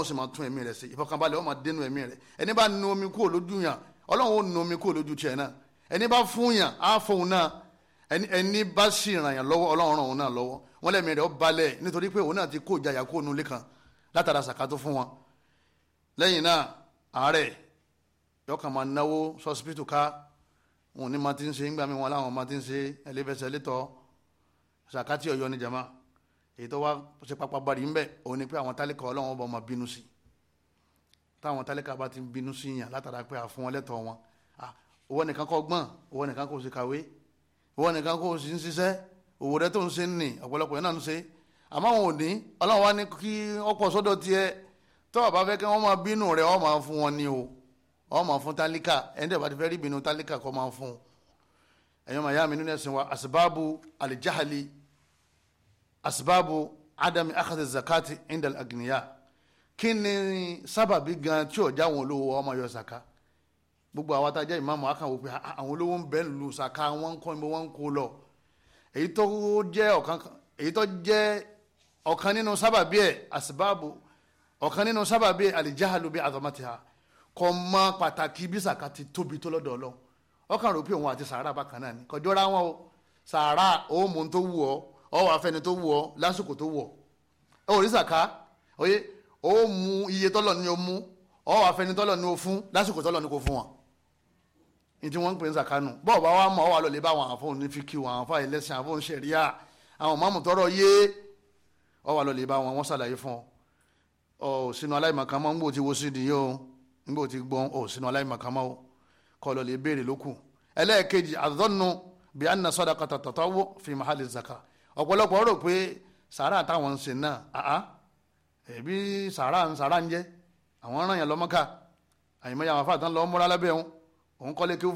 sì máa tún sí dénú ẹni bá nu omi kúrò lójú yàn ó nu omi kúrò lójú ti kó ìjayà látara sàkátó fún wọn lẹ́yìn náà àárẹ̀ yọkàn máa náwó sọ́sibítù ká wọn ní máa ti ń ṣe ńgbà wọn láwọn máa ti ń ṣe ẹlẹ́fẹsẹ̀ létọ́ sàkátì ọ̀yọ́ ni jama èyí tó wá ṣe pápá bari ń bẹ̀ òun ni pé àwọn tálíkà ọlọ́wọ́n bá máa bínú sí táwọn tálíkà bá ti bínú sí yàn látara pé àfún wọn lẹ́tọ̀ wọn owó nìkan kọ́ gbọ́n owó nìkan kò sí kàwé owó nìkan kò sí ń ṣiṣẹ́ òwò rẹ tó ń ṣe ń nì ọ̀pọ̀lọpọ̀ yẹn náà ń ṣe é àmọ́ àwọn òní ọlọ́run wá ní kí wọ́n pọ̀ sọ́dọ̀ tiẹ̀ tó o fẹ́ kí wọ́n máa bínú rẹ̀ wọ́n máa fún wọn ni o wọ́n máa fún tálíkà ẹni tẹ̀ bá ti fẹ́ rí bínú tálíkà kọ́ máa fún un ẹ̀yọ́ màá yá mi nínú ẹ̀sìn wa asibabu alijahali asibabu adami akadé zakati indal agniya kí ni sábàbí gan tí ọ̀já àwọn olówó wa máa yọ sàká gbogbo àwọn atajá ìmáàmù akàwọ̀ pé ah, àwọn olówó ń bẹ́ẹ̀ lù sàká wọn ń kọ́ ibo wọn ń kó lọ èyí tó jẹ́ ọ̀kan èyí tó jẹ́ ọ̀kan nínú sábàbí ẹ̀ àsìbáàbò ọ̀kan nínú sábàbí ẹ̀ àlìjáhàlú bí àtọ̀mọ́tìhà kọ́ mọ́ pàtàkì bí sàkàtì tóbi tó lọ́dọ̀ ọlọ́run ọkàn rò pé òun àti sàárà bákan náà ni kọjọ́ra wọn o sàárà òmù tó wù ọ́ ọwọ́ afẹ́ni tó wù ọ́ lásìkò tó wù ọ́ ẹ ò oyè òmù iye tọ́lọ̀ ni o mú ọwọ́ afẹ́ni tọ́lọ̀ ni o fún lásìkò tọ́lọ̀ ni kò fún wọn ní tí wọ́n ń pè ní sàkánù bọ́ọ̀ bá wa mọ̀ ọ́ wà lọ́ọ́ lè bá àwọn àfọ̀n ní fíkì wọn àfọ̀n ẹlẹ́sìn àfọ̀n ṣẹ̀ríà àwọn mọ̀mù yé ọ wà lọ́lẹ̀ bá wọn ṣàlàyé fún ọ ọ sínú aláìmọ̀kan mọ́ nígbò tí wo sí o nígbò tí gbọ́n ọ sínú aláìmọ̀kan mọ́ o kọ́ béèrè lókù ẹlẹ́ẹ̀kejì àdọ́nu bí anna fi mahali zaka ọpọlọpọ rò pé sàárà táwọn ń na náà àá ẹ̀bí sàárà ń sàárà ń jẹ́ àwọn ràn àyìnbó múra òun kí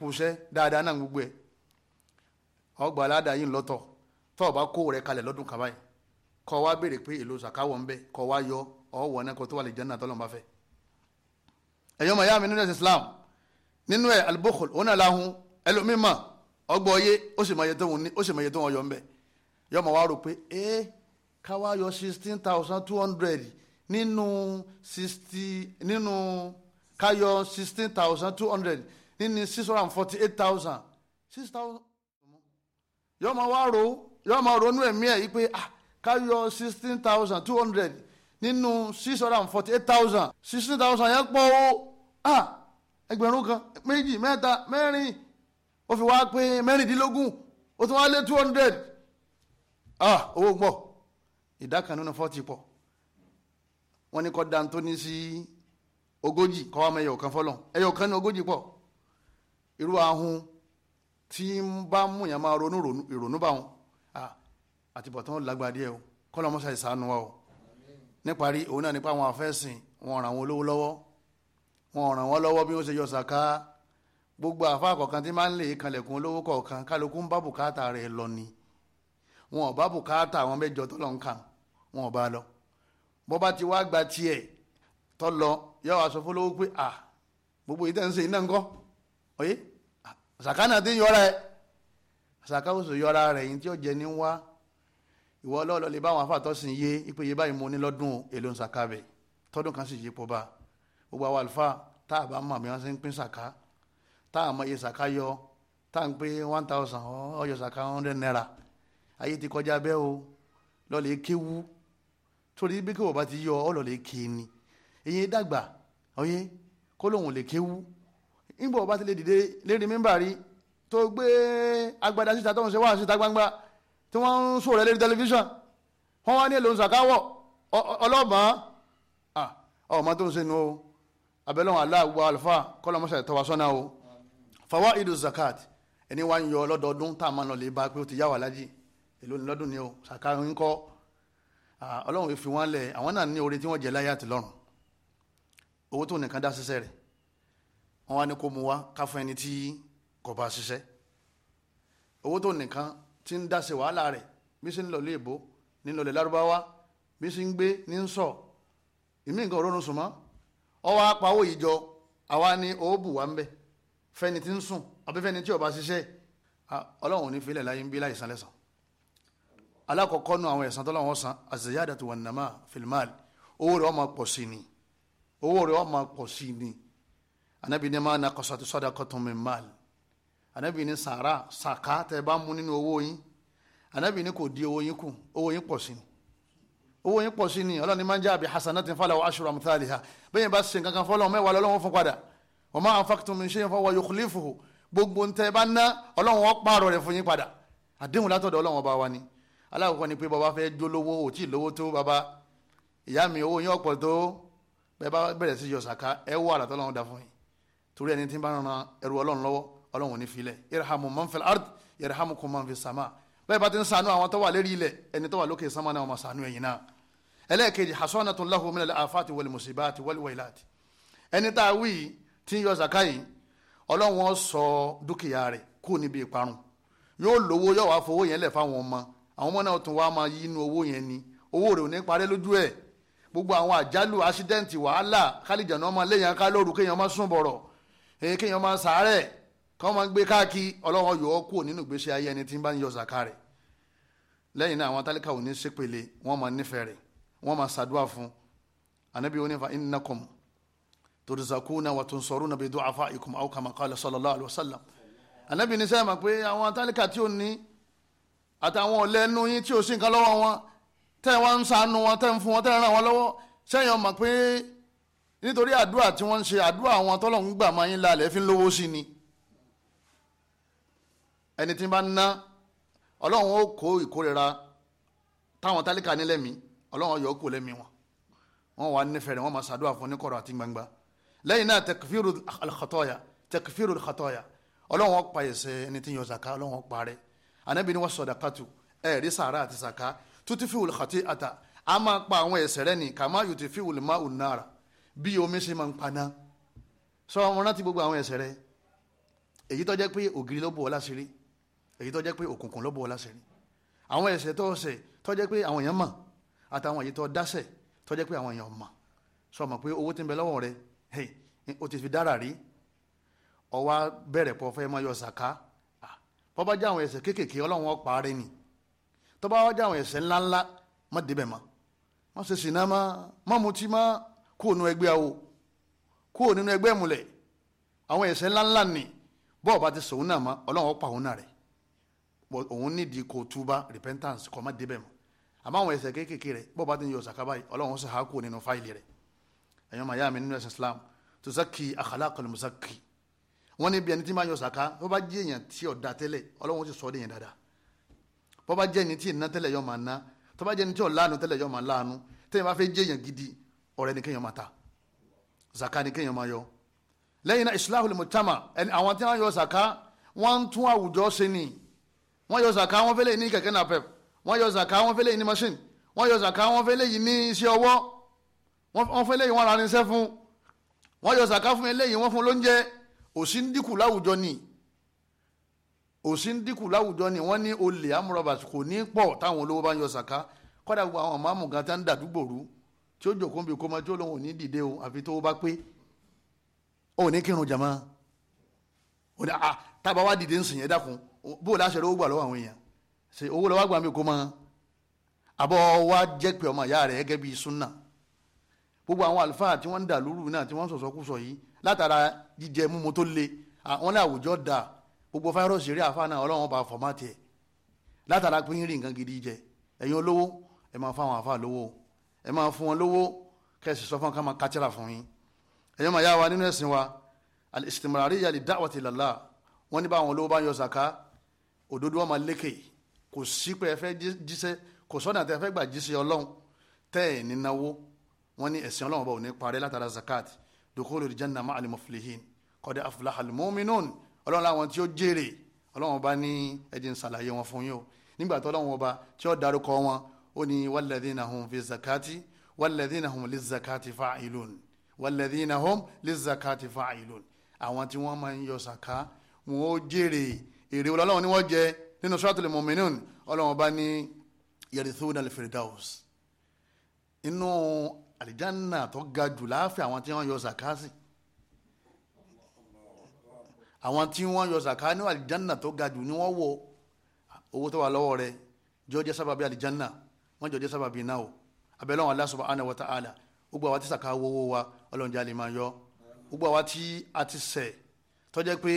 fún ọgbà aládàá yìí lọ́tọ̀ tó o bá kó rẹ kalẹ̀ lọ́dún kaba yìí kọ́ wa béèrè pé èlò sàkáwọ̀ ń bẹ kọ́ wa yọ ọwọ́ náà kó tó wà lè jẹ́nà tọ́lọ́mù bá fẹ́. ẹ̀yọ́ màá yá mi nínú ẹ̀sìn Islam nínú ẹ̀ albukhul òun náà láhùn ẹlòmíín mà ọgbọ́ yé ó sì máa yẹ tó wọn ní yọ ń yọ màá wá rò pé ẹ ká wá yọ sixteen thousand two hundred nínú sixty nínú ká yọ sixteen thousand two hundred nínú six hundred and forty eight thousand six thousand yóò máa wá ro yóò máa ronú ẹ̀mí ẹ̀ yí pé ah ká yọ sixteen thousand two hundred nínú six hundred and forty eight thousand sixteen thousand yẹn pọ̀ o ah ẹgbẹ̀rún kan méjì mẹ́ta mẹ́rin ó fi wá pé mẹ́rìndínlógún ó tún wá lé two hundred ah owó gbọ́ ìdá kan forty pọ̀ wọ́n ní kọ́ dantó ní sí ogójì kọ́ wa mọ ẹyọ kan fọlọ́ ẹyọ kan ní ogójì pọ̀ irú ahun tí ń bá mú yàn máa ronú ìrònú bá wọn àtibọ̀tán lágbá díẹ̀ o kọ́lọ́ ìsànú wa o níparí òun náà nípa àwọn afẹ́sìn wọn ràn wọn olówó lọ́wọ́ wọn ràn wọn lọ́wọ́ bí wọ́n ṣe yọ sàká gbogbo àfa kọ̀ọ̀kan tí máa ń lè kanlẹ̀kùn olówó kọ̀ọ̀kan kálukú ń bá bùkátà rẹ̀ lọ ni wọn ò bá bùkátà àwọn mẹ́jọ tó ń kàn wọn ò bá lọ bọ́ bá ti wá gba tiẹ̀ tó lọ yọ àsọfúnlówó pé à gbogbo ìtẹ́nsẹ̀ iná ńkọ́ ọ̀yẹ́ sàkánà tí ń yọra ẹ sàkáwùsù yọra rẹ yìí tí ó jẹ ní wá ìwọ ọlọ́ọ̀lọ́ lè bá àwọn afáàtọ́ sìn yé ipò yé báyìí mo ní lọ́dún èlò sàkàbẹ̀ tọ́dún kan sì yípo bá gbogbo àwọn àlùfáà tá a bá mọ̀ àmì wọn sì ń pín sàká tá a mọ iye sàká yọ tá a ń pé one thousand ọyọ sàká hundred naira ayé ti kọjá bẹ́ẹ̀ o lọ́ọ̀lẹ́ kéwú torí bí kéwù bá ti yọ ọlọ́ọ̀lẹ́ kéènì èyí kéwú nígbà ọba ti lè dìde lérí mímbà rí tó gbé agbada síta tó ń ṣe wá síta gbangba tí wọ́n ń sòrò lérí tẹlifíṣàn wọ́n wá ní èlò ṣàkáwọ̀ ọlọ́ọ̀bọ̀n ọmọ tó ń ṣe nu o abẹ́lẹ́wọ̀n aláàgbọ̀ alfa kọ́lọ́mọṣẹ́ tọ́wa sọ́nà o fawaidu zakat ẹni wá ń yọ lọ́dọọdún tá a máa ń lọ lè bá pé ó ti yá wà lájì èlò lọ́dún ni o ṣàkà ń kọ́ ọlọ́run fi wọ́n lẹ̀ àwọn náà ní oore tí wọ́n jẹ láyé àti owó tó nìkan dá ṣiṣẹ́ rẹ̀ wọn wá ní kó mu wá ká fún ẹni tí kò bá ṣiṣẹ́ owó tó nìkan ti ń dá ṣe wàhálà rẹ̀ bí ṣe ń lọ léèbó ní lọlẹ̀ lárúbáwá bí ṣe ń gbé ní ń sọ ìmí nǹkan òrónú sùn mọ́ ọwọ́ apawó ìjọ àwa ni òòbù wa ń bẹ fẹ́ni tí ń sùn àbí fẹ́ni tí ò bá ṣiṣẹ́ ọlọ́run ò ní filẹ̀ láyé ń bí láìsàn lẹ́sàn alákọ̀ọ́kọ́ nu àwọn ẹ̀sán tọ́lọ́wọ́n san àzẹ̀yàdàtú wà nàmá fìlmáàlì owó rẹ̀ ó máa sí ni owó rẹ̀ ó máa sí ni anabi ní máa nakọ̀sọ̀ àti sọ́dà kọ́tùn mi máàlì anabi ní sàrà sàká tẹ́ bá mú nínú owó yín anabi ní kò di owó yín kù owó yín pọ̀ sí ni owó yín pọ̀ sí ni ọlọ́ni máa ń jẹ́ àbí hasanatin falahu ashru amthaliha bẹ́ẹ̀ bá ṣe kankan fọlọ́ mẹ́wàá lọ́wọ́ fún padà wa ma anfaqtum min shay'in fahuwa yukhlifuhu gbogbo ntẹ bá ná ọlọ́run ó pààrọ̀ rẹ̀ fún yín padà àdéhùn látọ̀dọ̀ ọlọ́run ọba wa ni alákọ̀ọ́kọ́ ni pé bàbá fẹ́ jólówó ò tí ì lówó tó ìyá mi owó yín ọ̀pọ̀ tó bẹ́ẹ̀ bá bẹ̀rẹ̀ sí yọ sàká ẹ wọ àràtọ́ fún yín torí ẹni tí ń bá ran ẹrù ọlọ́run lọ́wọ́ ọlọ́run ní filẹ̀ yẹrẹhamu man fil ard yẹrẹhamu kum man fis sama bẹ́ẹ̀ bá ti ń sànú àwọn tó wà lérí ilẹ̀ ẹni tó wà lókè sánmà náà máa sànú ẹ̀yìn náà ẹlẹ́ẹ̀kejì hasanatun lahu minal afati wal musibati wal wailati ẹni tá a wí tí ń yọ zakai ọlọ́run ó sọ dúkìá rẹ̀ kú níbi ìparun yóò lówó yóò wá fowó yẹn lẹ̀ fáwọn ọmọ gbogbo àwọn àjálù asidẹ́ǹtì wàhálà kálíjà náà máa léyàn ká lóru kéèyàn má sún bọ̀rọ̀ kéèyàn máa sàárẹ̀ kọ́ máa gbé káàkiri ọlọ́run yọ ọ́ kúrò nínú ìgbésí ayé ẹni tí ń bá ń yọ zaka rẹ̀ lẹ́yìn náà àwọn tálíkà ò ní ṣépele wọ́n máa nífẹ̀ẹ́ rẹ̀ wọ́n máa ṣàdúrà fún anabi onífa innakum turzakuna wa tunsoruna bi du'afaikum aw kama qala sallallahu alayhi wa sallam anabi ní sẹ́yìn mọ̀ pé àwọn tálíkà tí ò ní àtàwọn ọ̀lẹ́nu yín tí ò sí nǹkan lọ́wọ́ wọn tẹ́ wọn ń ṣàánú wọn tẹ́ ń fún wọn tẹ́ ń ràn wọn lọ́wọ́ sẹ́yìn mọ̀ pé nítorí àdúrà tí wọ́n ń ṣe àdúrà àwọn tọ́lọ́hún gbà máa yín lálẹ́ fi ń lówó sí ni ẹni tí bá ń ná ọlọ́run ó kó ìkórira táwọn tálíkà nílẹ̀ mí ọlọ́run yọ kó lẹ́mí wọn wọn wà nífẹ̀ẹ́ rẹ̀ wọ́n máa ṣàdúrà fún oníkọ̀rọ̀ àti gbangba lẹ́yìn náà tẹkifíru al-khataya tẹkifíru al ọlọ́run pa ẹ̀ṣẹ̀ ẹni tí ń ọlọ́run pa rẹ̀ anabi ni wọ́n sọ̀dàkàtù ẹ̀rí sàrà àti zaka tutufi al-khati'ata a máa pa àwọn ẹ̀ṣẹ̀ rẹ̀ ní kàmá yutifi al-ma'u an-nara bí omi ṣe máa ń paná sọ wọn rántí gbogbo àwọn ẹ̀ṣẹ̀ rẹ èyí tó jẹ́ pé ògiri ló bò ọ láṣìírí èyí tó jẹ́ pé òkùnkùn ló bò ọ láṣìírí àwọn ẹ̀ṣẹ̀ tó ṣẹ̀ tó jẹ́ pé àwọn èèyàn mọ̀ àtàwọn èyí tó dáṣẹ̀ tó jẹ́ pé àwọn èèyàn mọ̀ sọ ma pé owó tí ń bẹ lọ́wọ́ rẹ o ti fi dára rí ó wá bẹ̀rẹ̀ pọ̀ fẹ́ máa yọ ṣàká bó bá àwọn ẹ̀ṣẹ̀ kéékèèké ọlọ́run ọ̀pá rẹ ni tó bá àwọn ẹ̀ṣẹ̀ ńláńlá má débẹ̀ mọ́ má ṣe sìnà má má mutí má kúrò nínú ẹgbẹ́ awo kúrò nínú ẹgbẹ́ ìmùlẹ̀ àwọn ẹ̀ṣẹ̀ ńláńlá ni bọ́ọ̀ bá ti sòun náà mọ́ ọlọ́run ọ̀pá òun náà rẹ̀ òun nídìí kó túbá repentance kó má débẹ̀ mọ́ àmọ́ àwọn ẹ̀ṣẹ̀ kéékèèké rẹ̀ bọ́ọ̀ bá ti ń yọ sàkábà yìí ọlọ́run sì há kúrò nínú fáìlì rẹ̀ ẹ̀yọ́n màá yá mi nínú ẹ̀sìn Islam tó sákì akhlaqal musakki wọ́n ní bí ẹni tí máa yọ sàká bó bá jẹ́ èèyàn tí ọ̀dà tẹ́lẹ̀ ọlọ́run sì sọ ọ́ dẹ̀yẹn dáadáa bó bá jẹ́ ẹni tí ìná tẹ́lẹ̀ yọ máa tó bá jẹ́ gidi ọrẹ ni kéèyàn máa ta zaka ni kéèyàn máa yọ lẹ́yìn náà islahul mujtama àwọn tí wọ́n yọ zaka wọ́n ń tún àwùjọ ṣe ni wọ́n yọ zaka wọ́n fẹ́lẹ̀ ní kẹ̀kẹ́ napep wọ́n yọ zaka wọ́n fẹ́lẹ̀ ní machine wọ́n yọ zaka wọ́n fẹ́lẹ̀ yìí ní iṣẹ́ ọwọ́ wọ́n fẹ́lẹ̀ yìí wọ́n ra fún wọ́n yọ zaka fún eléyìí wọ́n fún lóúnjẹ òsì ń dínkù láwùjọ ni òsì ń dínkù láwùjọ ni wọ́n ní olè amúrọ̀bà kò ní pọ̀ táwọn olówó bá ń yọ zaka kọ́dà gbogbo àwọn màmú gan tán dàdúgbò rú tí ó jòkó nbí kó ma tí ó lóun ò ní dìde o àfi tó o bá pé o ò ní kírun jàmá o ní ah, a tábà wá dìde nsìn yẹn dákun bó o láṣẹ lówó gbà lọ́wọ́ àwọn èèyàn ṣe owó lọ́wọ́ gbà mí kó ma àbọ̀ wá jẹ́ pé ọmọ ìyá rẹ̀ gẹ́gẹ́ bí súnà gbogbo àwọn àlùfáà tí wọ́n ń dà lúrù náà tí wọ́n ń sọ̀sọ́kùsọ yìí látara jíjẹ mímu tó le àwọn ní àwùjọ dà gbogbo fáírọ̀sì eré àfa náà ọlọ́run bá fọ̀mátì ẹ̀ látara pé nǹkan gidi jẹ ẹ̀yin olówó ẹ̀ máa fáwọn àfa lówó o ẹ máa fún wọn lówó kẹsì sọ fún wọn ká máa kátìrà fún yín ẹ̀yọ́ máa yá wa nínú ẹ̀sìn wa al-istimrari yali da'wati lillah wọ́n ní báwọn olówó bá yọ zaka òdodo wọn máa lékè kò sí pé ẹ fẹ́ jíṣẹ́ kò sọ́nà tẹ fẹ́ gbà jíṣẹ́ ọlọ́run tẹ́ ẹ̀ nínáwó wọ́n ní ẹ̀sìn ọlọ́run bá ò ní parẹ́ látara zakat dukhulul janna ma'al muflihin qad aflahal mu'minun ó ní walladhina hum fi zakati walladhina hum li zakati fa'ilun walladhina hum li zakati fa'ilun àwọn tí wọ́n máa ń yọ sàká wọn ó jèrè èrè ọlọ́run ni wọ́n jẹ nínú suratul mu'minun ọlọ́run bá ní yarithuna al-firdaus inú àlìjáná tó ga jù láàfin àwọn tí wọ́n yọ sàká sí àwọn tí wọ́n yọ sàká ní àlìjáná tó ga jù ni wọ́n wọ owó tó wà lọ́wọ́ rẹ̀ jọ́jẹ́ sábàbí àlìjáná wọ́n jọ jẹ́ sábàbí náà o abẹ́lẹ́ wọn Allah subhanahu wa ta'ala gbogbo àwa tí sàkà wọ́wọ́ wa ọlọ́run jẹ́ àlèmọ́ yọ gbogbo àwa tí a ti ṣẹ̀ tó pé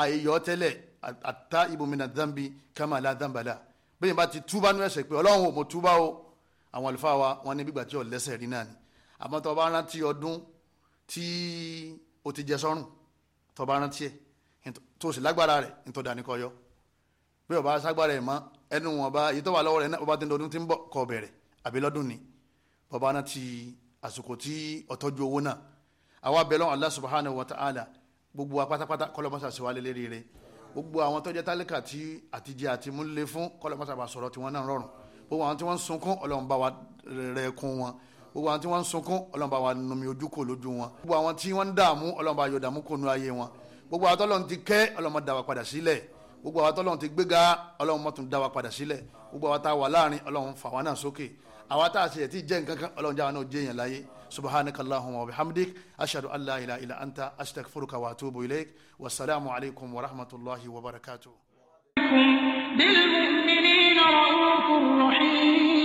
àyè tẹ́lẹ̀ àtà ibùmínà dánbi kama la dánbalà bẹ́ẹ̀ bá ti túbá nú ẹ̀ṣẹ̀ pé ọlọ́run mo túbá o àwọn àlùfáà wa wọn ní gbígbà tí ò lẹ́ṣẹ̀ rí náà ni àmọ́ tó bá rántí ọdún tí o ti jẹ sọ́run tó bá rántí ẹ̀ tó sì lágbára rẹ̀ ní tó dání kọ́ yọ bí ọba ságbára ẹ̀ mọ́ ẹnu wọn bá èyí tó wà lọ́wọ́ rẹ̀ náà bàbá tí ń dọdún tí ń bọ̀ kọ́ bẹ̀rẹ̀ àbí lọ́dún ni bàbá náà ti àsìkò tí ọ̀tọ́jú owó náà àwa bẹ̀rẹ̀ Allah subhanahu wa ta'ala gbogbo wa pátápátá kọ́lọ́mọ́sà sí wa lé lérí rẹ̀ gbogbo àwọn tó jẹ́ tálíkà tí àtijẹ́ àti múlé fún kọ́lọ́mọ́sà bá sọ̀rọ̀ tí wọ́n náà rọrùn gbogbo àwọn tí wọ́n ń sunkún Ọlọ́run bá wa rẹ̀ kún wọn gbogbo àwọn tí wọ́n ń sunkún Ọlọ́run bá wa numi ojú kò lójú wọn gbogbo àwọn tí wọ́n ń dààmú Ọlọ́run bá yọ dààmú kò nu ayé wọn gbogbo àtọ́lọ́run ti kẹ́ Ọlọ́run dá wa padà sílẹ̀ gbogbo àwọn tọ́lọ́run ti gbéga ọlọ́run mọ́ tún dá wa padà sílẹ̀ gbogbo àwọn tá a wà láàrin ọlọ́run fà wá náà sókè àwa tá a ṣe ẹ̀tí jẹ́ nǹkan kan ọlọ́run jáwa náà jẹ́ yẹn láyé subhanaka wa bihamdik ashhadu an ilaha illa anta astaghfiruka wa atubu ilayk wa salaamu alaykum wa rahmatullahi wa barakatuh. بالمؤمنين رؤوف رحيم